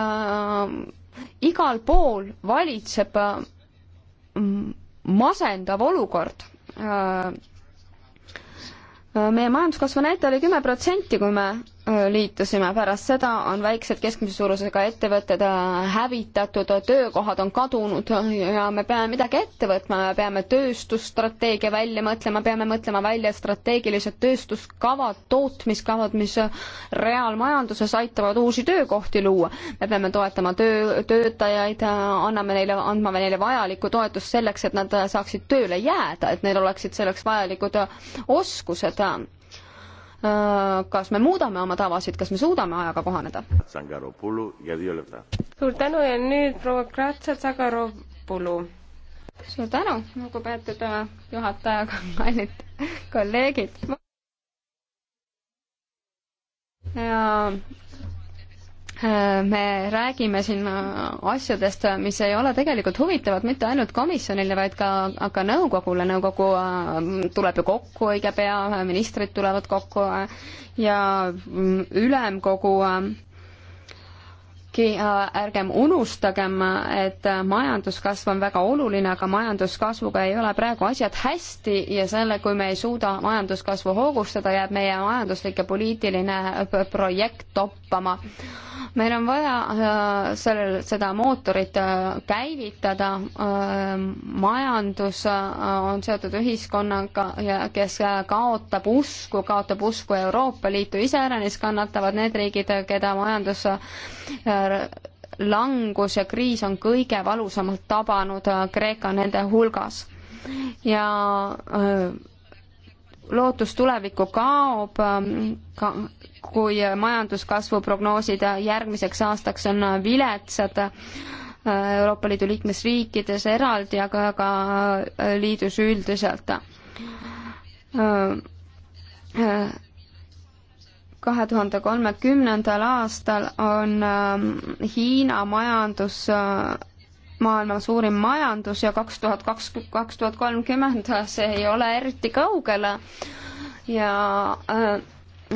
igal pool valitseb masendav olukord. Äh, äh, meie majanduskasvu näitaja oli kümme protsenti, kui me liitusime. pärast seda on väiksed keskmise suurusega ettevõtted äh, hävitatud, töökohad on kadunud ja me peame midagi ette võtma, me peame tööstusstrateegia välja mõtlema, peame mõtlema välja strateegilised tööstuskavad, tootmiskavad, mis reaalmajanduses aitavad uusi töökohti luua. me peame toetama töö, töötajaid, äh, anname neile, andma neile vajalikku toetust selleks, et nad äh, saaksid tööle jääda, et neil oleksid selleks vajalikud oskused Äh, kas me muudame oma tavasid, kas me suudame ajaga kohaneda? suur tänu ja nüüd proua Kratsa Tsagaropulu. suur tänu, lugupeetud äh, juhataja, kallid kolleegid. ja me räägime siin asjadest, mis ei ole tegelikult huvitavad mitte ainult komisjonile, vaid ka, ka nõukogule. nõukogu äh, tuleb ju kokku õige pea, ministrid tulevad kokku äh, ja mm, ülemkogu äkki äh, ärgem unustagem, et majanduskasv on väga oluline, aga majanduskasvuga ei ole praegu asjad hästi ja selle, kui me ei suuda majanduskasvu hoogustada, jääb meie majanduslik ja poliitiline projekt toppama meil on vaja äh, sellel, seda mootorit äh, käivitada, äh, majandus on seotud ühiskonnaga ja kes kaotab usku, kaotab usku Euroopa Liitu, iseäranis kannatavad need riigid, keda majandus langus ja kriis on kõige valusamalt tabanud, Kreeka on nende hulgas. ja öö, lootus tulevikku kaob ähm, ka,, kui majanduskasvu prognoosid järgmiseks aastaks on viletsad äh, Euroopa Liidu liikmesriikides eraldi, aga ka äh, liidus üldiselt. Äh, kahe tuhande kolmekümnendal aastal on ähm, Hiina majandus maailma suurim majandus ja kaks tuhat kakskümmend, kaks tuhat kolmkümmend, see ei ole eriti kaugel ja äh,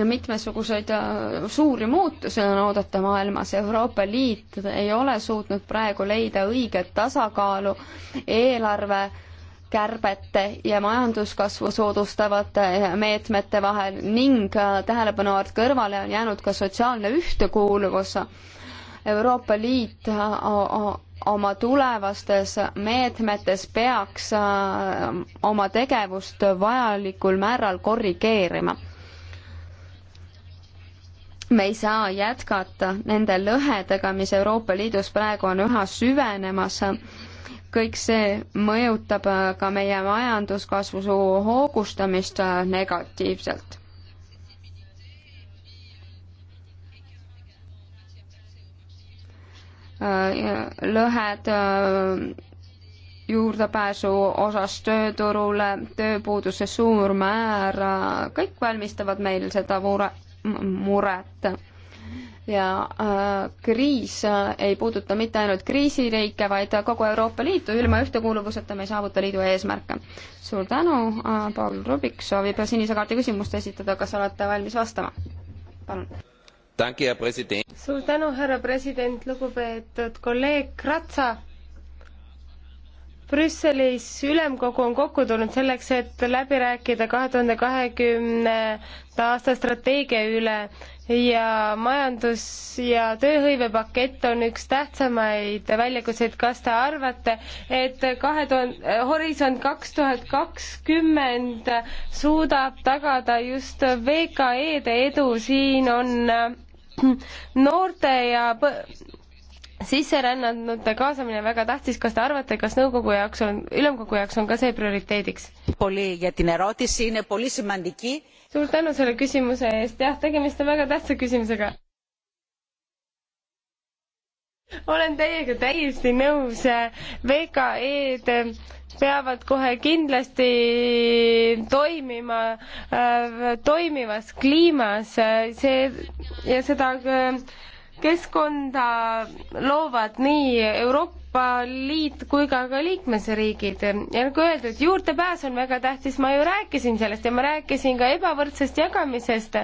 mitmesuguseid äh, suuri muutusi on oodata maailmas. Euroopa Liit ei ole suutnud praegu leida õiget tasakaalu eelarve kärbete ja majanduskasvu soodustavate meetmete vahel ning äh, tähelepanu alt kõrvale on jäänud ka sotsiaalne ühtekuuluvus. Euroopa Liit äh, oma tulevastes meetmetes peaks äh, oma tegevust vajalikul määral korrigeerima. me ei saa jätkata nende lõhedega, mis Euroopa Liidus praegu on üha süvenemas kõik see mõjutab ka meie majanduskasvu hoogustamist negatiivselt. Äh, lõhed äh, juurdepääsu osas tööturule, tööpuuduse suur määr, äh, kõik valmistavad meil seda mure, muret ja äh, kriis äh, ei puuduta mitte ainult kriisiriike, vaid kogu Euroopa Liitu, ilma ühtekuuluvuseta me ei saavuta liidu eesmärke. suur tänu äh,, Paul Rubik soovib sinise kaardi küsimust esitada, kas olete valmis vastama? palun suur tänu, härra president, lugupeetud kolleeg Kratsa. Brüsselis ülemkogu on kokku tulnud selleks, et läbi rääkida kahe tuhande kahekümnenda aasta strateegia üle ja majandus- ja tööhõivepakett on üks tähtsamaid väljakutseid. kas te arvate, et kahe tuhande, Horisont kaks tuhat kakskümmend suudab tagada just VKE-de edu, siin on noorte ja sisserännanute kaasamine väga tähtis, kas te arvate, kas nõukogu jaoks on, ülemkogu jaoks on ka see prioriteediks? suur tänu selle küsimuse eest, jah, tegemist on väga tähtsa küsimusega olen teiega täiesti nõus, VKE-d peavad kohe kindlasti toimima äh, toimivas kliimas, see ja seda äh, keskkonda loovad nii Euroopa Euroopa Liit kui ka ka liikmesriigid. ja nagu öeldud, juurdepääs on väga tähtis, ma ju rääkisin sellest ja ma rääkisin ka ebavõrdsest jagamisest.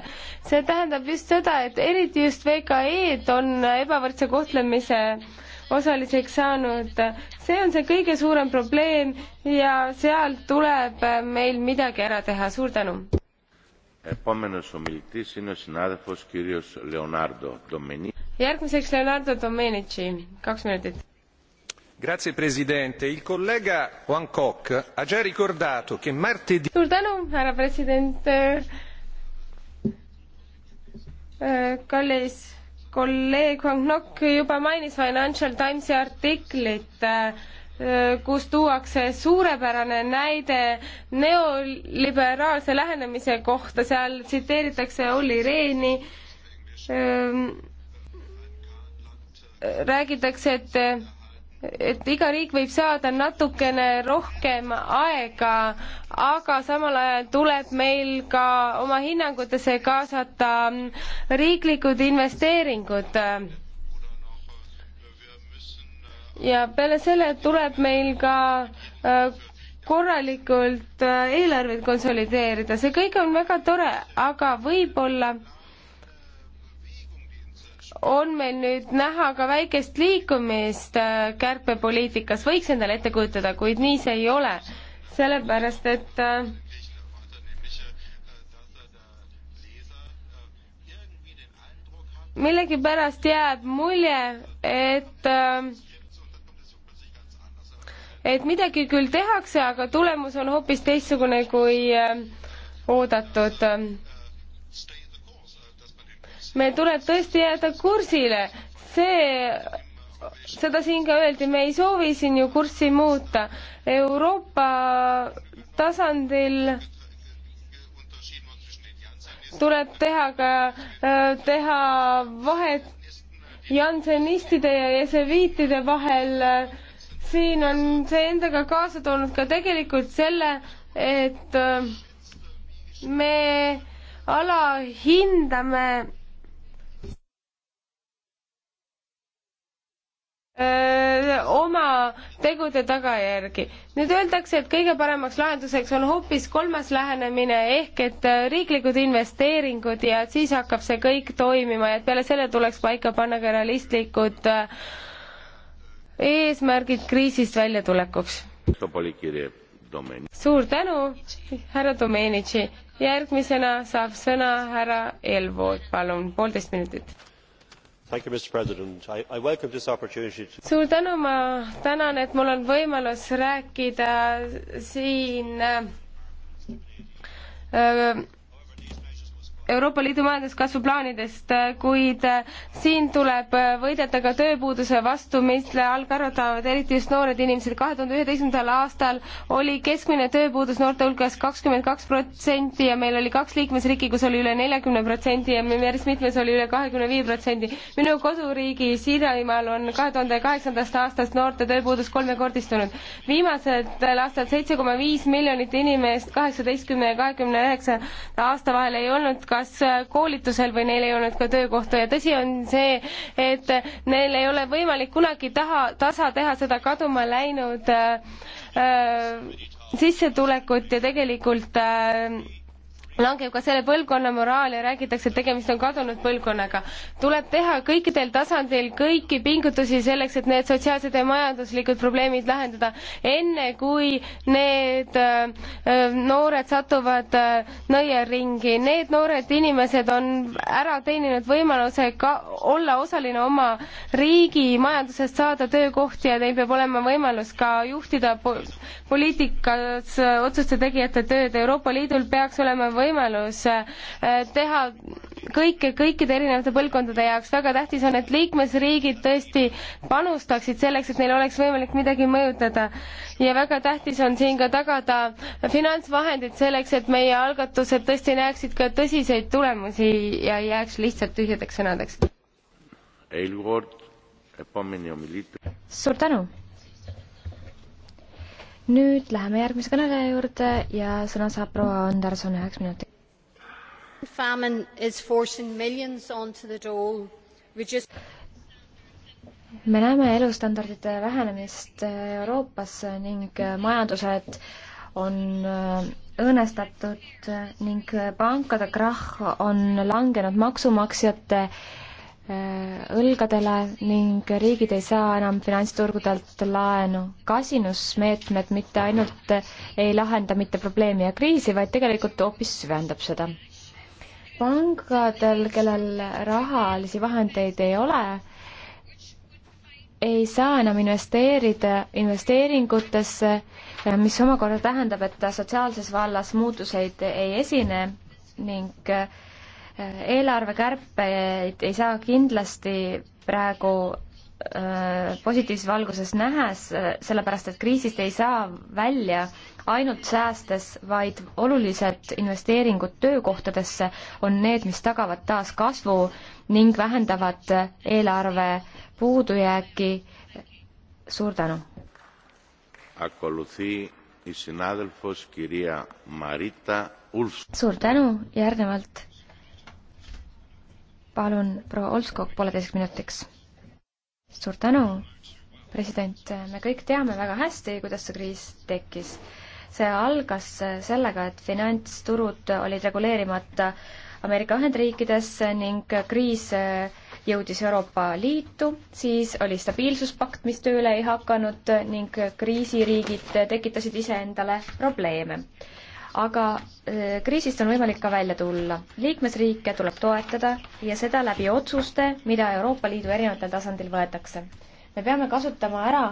see tähendab just seda, et eriti just VKE-d on ebavõrdse kohtlemise osaliseks saanud. see on see kõige suurem probleem ja seal tuleb meil midagi ära teha, suur tänu. järgmiseks Leonardo Domenici, kaks minutit signor presidente il collega wang kok ha già ricordato che martedì. suur tänu härra president äh, kallis kolleeg wang kok juba mainis financial timesi artiklit äh, kus tuuakse suurepärane näide neoliberaalse lähenemise kohta seal tsiteeritakse Olli Rehni ähm, räägitakse et et iga riik võib saada natukene rohkem aega, aga samal ajal tuleb meil ka oma hinnangutesse kaasata riiklikud investeeringud. ja peale selle tuleb meil ka äh, korralikult äh, eelarvet konsolideerida, see kõik on väga tore, aga võib-olla on meil nüüd näha ka väikest liikumist äh, kärpepoliitikas, võiks endale ette kujutada, kuid nii see ei ole, sellepärast et äh, millegipärast jääb mulje, et äh, et midagi küll tehakse, aga tulemus on hoopis teistsugune kui oodatud meil tuleb tõesti jääda kursile, see, seda siin ka öeldi, me ei soovi siin ju kurssi muuta. Euroopa tasandil tuleb teha ka, äh, teha vahet jansenistide ja jeseviitide vahel. siin on see endaga kaasa toonud ka tegelikult selle, et äh, me alahindame oma tegude tagajärgi. nüüd öeldakse, et kõige paremaks lahenduseks on hoopis kolmas lähenemine ehk et riiklikud investeeringud ja siis hakkab see kõik toimima ja peale selle tuleks paika panna ka realistlikud eesmärgid kriisist väljatulekuks. suur tänu, härra Domenici. järgmisena saab sõna härra Elvood, palun, poolteist minutit suur tänu ma tänan et mul on võimalus rääkida siin äh, Euroopa Liidu majanduskasvu plaanidest, äh, kuid äh, siin tuleb äh, võidelda ka tööpuuduse vastu, mille all kannatavad eriti just noored inimesed. kahe tuhande üheteistkümnendal aastal oli keskmine tööpuudus noorte hulgas kakskümmend kaks protsenti ja meil oli kaks liikmesriiki, kus oli üle neljakümne protsendi ja järjest mitmes oli üle kahekümne viie protsendi. minu koduriigis Iirimaal on kahe tuhande kaheksandast aastast noorte tööpuudus kolmekordistunud. viimasel aastal seitse koma viis miljonit inimest kaheksateistkümne ja kahekümne üheksanda aasta vahel ei olnud kas koolitusel või neil ei olnud ka töökohta ja tõsi on see, et neil ei ole võimalik kunagi taha, tasa teha seda kaduma läinud äh, äh, sissetulekut ja tegelikult äh, langeb ka selle põlvkonna moraal ja räägitakse, et tegemist on kadunud põlvkonnaga. tuleb teha kõikidel tasandil kõiki pingutusi selleks, et need sotsiaalsed ja majanduslikud probleemid lahendada, enne kui need äh, noored satuvad äh, nõiaringi. Need noored inimesed on ära teeninud võimaluse ka olla osaline oma riigi majandusest, saada töökohti ja neil peab olema võimalus ka juhtida po poliitikas otsuste tegijate tööd. Euroopa Liidul peaks olema võimalus võimalus äh, teha kõike kõikide erinevate põlvkondade jaoks. väga tähtis on, et liikmesriigid tõesti panustaksid selleks, et neil oleks võimalik midagi mõjutada. ja väga tähtis on siin ka tagada finantsvahendid selleks, et meie algatused tõesti näeksid ka tõsiseid tulemusi ja ei jääks lihtsalt tühjadeks sõnadeks. suur tänu nüüd läheme järgmise kõneleja juurde ja sõna saab proua Anderson üheks minutiks. Famine is forcing millions onto the dole Reduce me näeme elustandardite vähenemist Euroopas ning majandused on äh, õõnestatud ning pankade krahh on langenud maksumaksjate Äh, õlgadele ning riigid ei saa enam finantsturgudelt laenu. kasinusmeetmed mitte ainult ei lahenda mitte probleemi ja kriisi, vaid tegelikult hoopis süvendab seda. pangadel, kellel rahalisi vahendeid ei ole, ei saa enam investeerida investeeringutesse, mis omakorda tähendab, et sotsiaalses vallas muutuseid ei esine ning äh, eelarvekärpeid ei saa kindlasti praegu positiivses valguses nähes, sellepärast et kriisist ei saa välja ainult säästes, vaid olulised investeeringud töökohtadesse on need, mis tagavad taas kasvu ning vähendavad eelarve puudujääki. suur tänu! suur tänu, järgnevalt palun, proua Olskog, pooleteiseks minutiks. suur tänu, president, me kõik teame väga hästi, kuidas see kriis tekkis. see algas sellega, et finantsturud olid reguleerimata Ameerika Ühendriikides ning kriis jõudis Euroopa Liitu, siis oli stabiilsuspakt, mis tööle ei hakanud ning kriisiriigid tekitasid iseendale probleeme aga äh, kriisist on võimalik ka välja tulla. liikmesriike tuleb toetada ja seda läbi otsuste, mida Euroopa Liidu erinevatel tasandil võetakse. me peame kasutama ära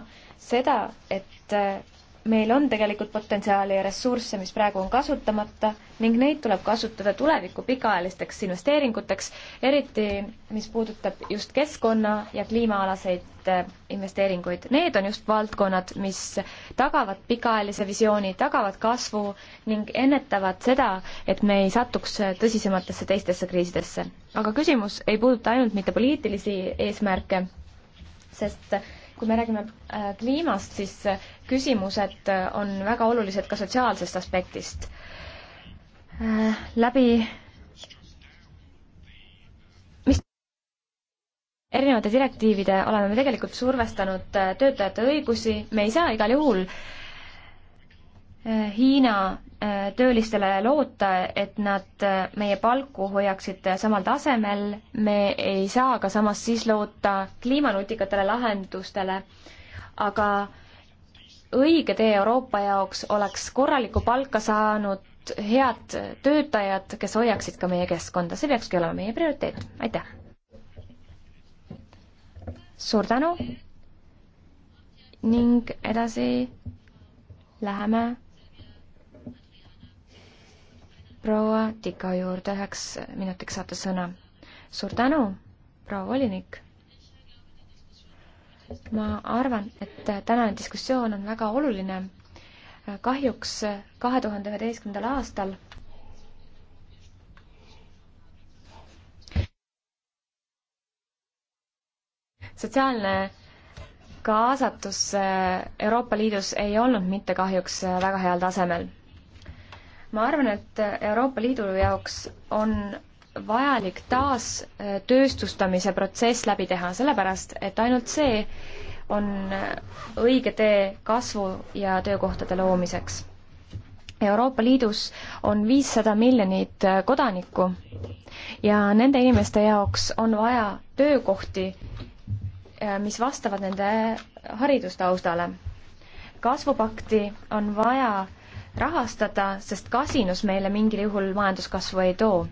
seda, et äh, meil on tegelikult potentsiaali ja ressursse, mis praegu on kasutamata ning neid tuleb kasutada tuleviku pikaajalisteks investeeringuteks, eriti mis puudutab just keskkonna ja kliimaalaseid äh, investeeringuid. Need on just valdkonnad, mis tagavad pikaajalise visiooni, tagavad kasvu ning ennetavad seda, et me ei satuks tõsisematesse teistesse kriisidesse. aga küsimus ei puuduta ainult mitte poliitilisi eesmärke, sest kui me räägime äh, kliimast, siis äh, küsimused äh, on väga olulised ka sotsiaalsest aspektist. läbi mis erinevate direktiivide oleme me tegelikult survestanud töötajate õigusi, me ei saa igal juhul äh, Hiina äh, töölistele loota, et nad äh, meie palku hoiaksid samal tasemel, me ei saa aga samas siis loota kliimanutikatele lahendustele, aga õige tee Euroopa jaoks oleks korralikku palka saanud head töötajad, kes hoiaksid ka meie keskkonda, see peakski olema meie prioriteet, aitäh! suur tänu ning edasi läheme proua Tika juurde, üheks minutiks saate sõna. suur tänu, proua volinik. ma arvan, et tänane diskussioon on väga oluline. kahjuks kahe tuhande üheteistkümnendal aastal sotsiaalne kaasatus Euroopa Liidus ei olnud mitte kahjuks väga heal tasemel ma arvan, et Euroopa Liidu jaoks on vajalik taas äh, tööstustamise protsess läbi teha, sellepärast et ainult see on äh, õige tee kasvu ja töökohtade loomiseks. Euroopa Liidus on viissada miljonit äh, kodanikku ja nende inimeste jaoks on vaja töökohti, mis vastavad nende haridustaustale. kasvupakti on vaja äh, rahastada, sest kasinus meile mingil juhul majanduskasvu ei too.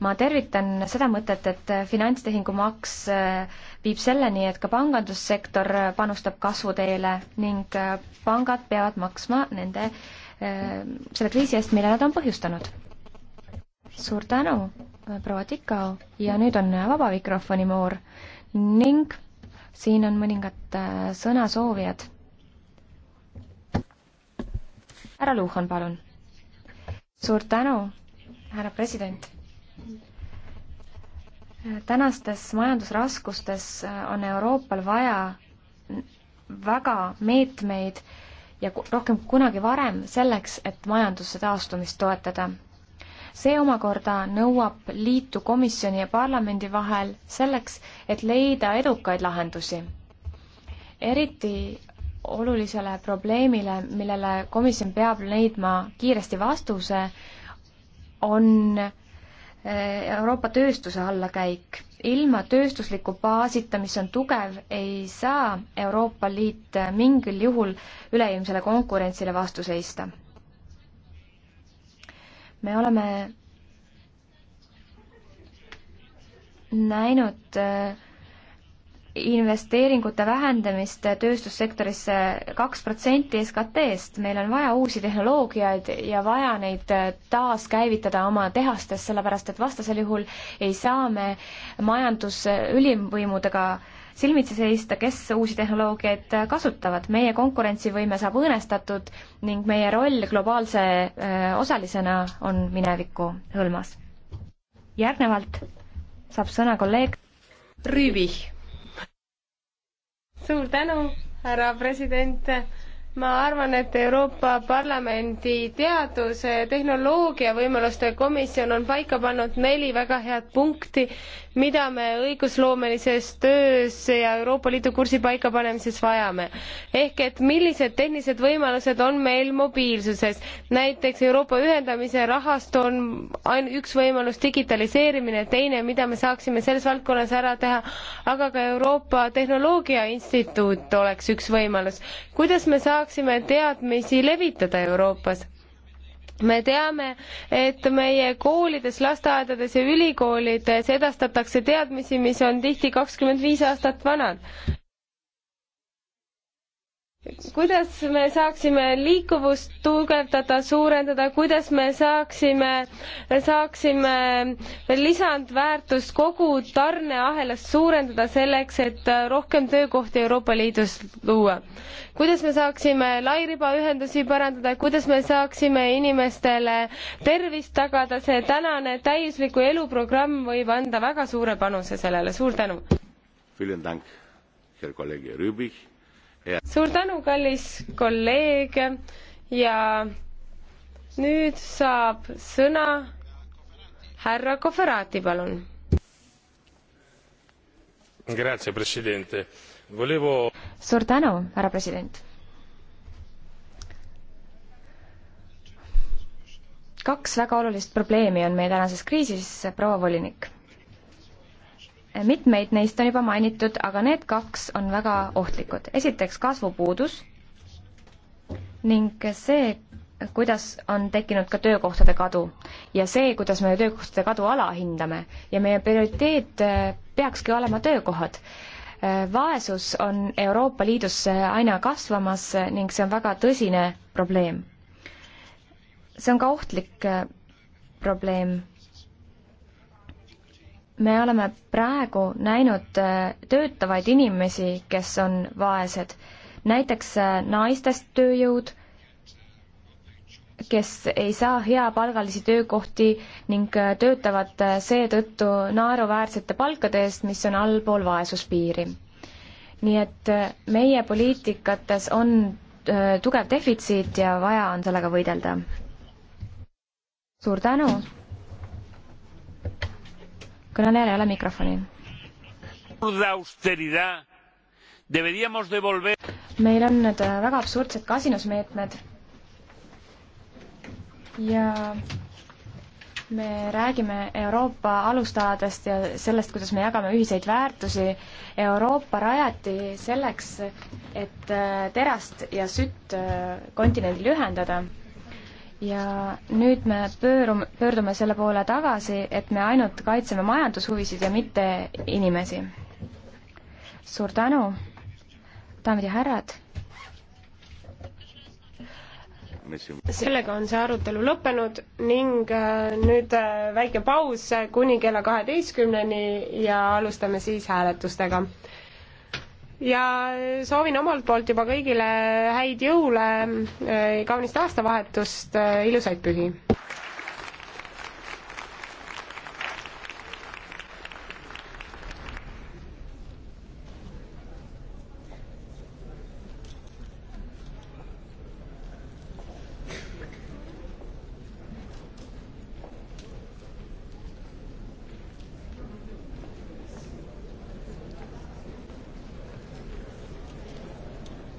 ma tervitan seda mõtet, et finantstehingumaks äh, viib selleni, et ka pangandussektor panustab kasvuteele ning äh, pangad peavad maksma nende, äh, selle kriisi eest, mille nad on põhjustanud. suur tänu, proua Tikao ja nüüd on vaba mikrofoni voor ning siin on mõningad sõnasoovijad härra Luhan, palun. suur tänu, härra president. tänastes majandusraskustes äh, on Euroopal vaja väga meetmeid ja rohkem kui kunagi varem selleks, et majanduse taastumist toetada. see omakorda nõuab liitu komisjoni ja parlamendi vahel selleks, et leida edukaid lahendusi. eriti olulisele probleemile, millele komisjon peab leidma kiiresti vastuse, on eh, Euroopa tööstuse allakäik. ilma tööstusliku baasita, mis on tugev, ei saa Euroopa Liit mingil juhul üleilmsele konkurentsile vastu seista. me oleme näinud äh, investeeringute vähendamist tööstussektorisse kaks protsenti SKT-st, meil on vaja uusi tehnoloogiaid ja vaja neid taaskäivitada oma tehastes, sellepärast et vastasel juhul ei saa me majandusülimvõimudega silmitsi seista, kes uusi tehnoloogiaid kasutavad. meie konkurentsivõime saab õõnestatud ning meie roll globaalse osalisena on minevikku hõlmas. järgnevalt saab sõna kolleeg Rüüvi suur tänu, härra president ma arvan, et Euroopa Parlamendi teaduse ja tehnoloogiavõimaluste komisjon on paika pannud neli väga head punkti, mida me õigusloomelises töös ja Euroopa Liidu kursi paikapanemises vajame. ehk et millised tehnilised võimalused on meil mobiilsuses, näiteks Euroopa ühendamise rahastu on ain-, üks võimalus digitaliseerimine, teine, mida me saaksime selles valdkonnas ära teha, aga ka Euroopa Tehnoloogia Instituut oleks üks võimalus. kuidas me saaksime saaksime teadmisi levitada Euroopas me teame, et meie koolides, lasteaedades ja ülikoolides edastatakse teadmisi, mis on tihti kakskümmend viis aastat vanad kuidas me saaksime liikuvust tugevdada, suurendada, kuidas me saaksime, saaksime lisandväärtust kogu tarneahelast suurendada selleks, et rohkem töökohti Euroopa Liidus luua? kuidas me saaksime lairibaühendusi parandada, kuidas me saaksime inimestele tervist tagada, see tänane täiusliku elu programm võib anda väga suure panuse sellele, suur tänu! suur tänu, kallis kolleeg ja nüüd saab sõna härra Cofferati, palun. Volevo... suur tänu, härra president. kaks väga olulist probleemi on meie tänases kriisis, proua volinik mitmeid neist on juba mainitud, aga need kaks on väga ohtlikud. esiteks kasvupuudus ning see, kuidas on tekkinud ka töökohtade kadu ja see, kuidas me töökohtade kadu alahindame ja meie prioriteet äh, peakski olema töökohad. Äh, vaesus on Euroopa Liidus aina kasvamas ning see on väga tõsine probleem. see on ka ohtlik äh, probleem me oleme praegu näinud äh, töötavaid inimesi, kes on vaesed. näiteks äh, naistest tööjõud, kes ei saa heapalgalisi töökohti ning äh, töötavad seetõttu naeruväärsete palkade eest, mis on allpool vaesuspiiri. nii et meie poliitikates on tugev defitsiit ja vaja on sellega võidelda. suur tänu! kõnelejal ei ole mikrofoni. meil on need äh, väga absurdsed kasinusmeetmed ja me räägime Euroopa alustaladest ja sellest, kuidas me jagame ühiseid väärtusi. Euroopa rajati selleks, et äh, terast ja sütt äh, kontinendil ühendada ja nüüd me pöörum-, pöördume selle poole tagasi, et me ainult kaitseme majandushuvisid ja mitte inimesi. suur tänu, daamid ja härrad. sellega on see arutelu lõppenud ning äh, nüüd äh, väike paus kuni kella kaheteistkümneni ja alustame siis hääletustega ja soovin omalt poolt juba kõigile häid jõule, kaunist aastavahetust, ilusaid pühi!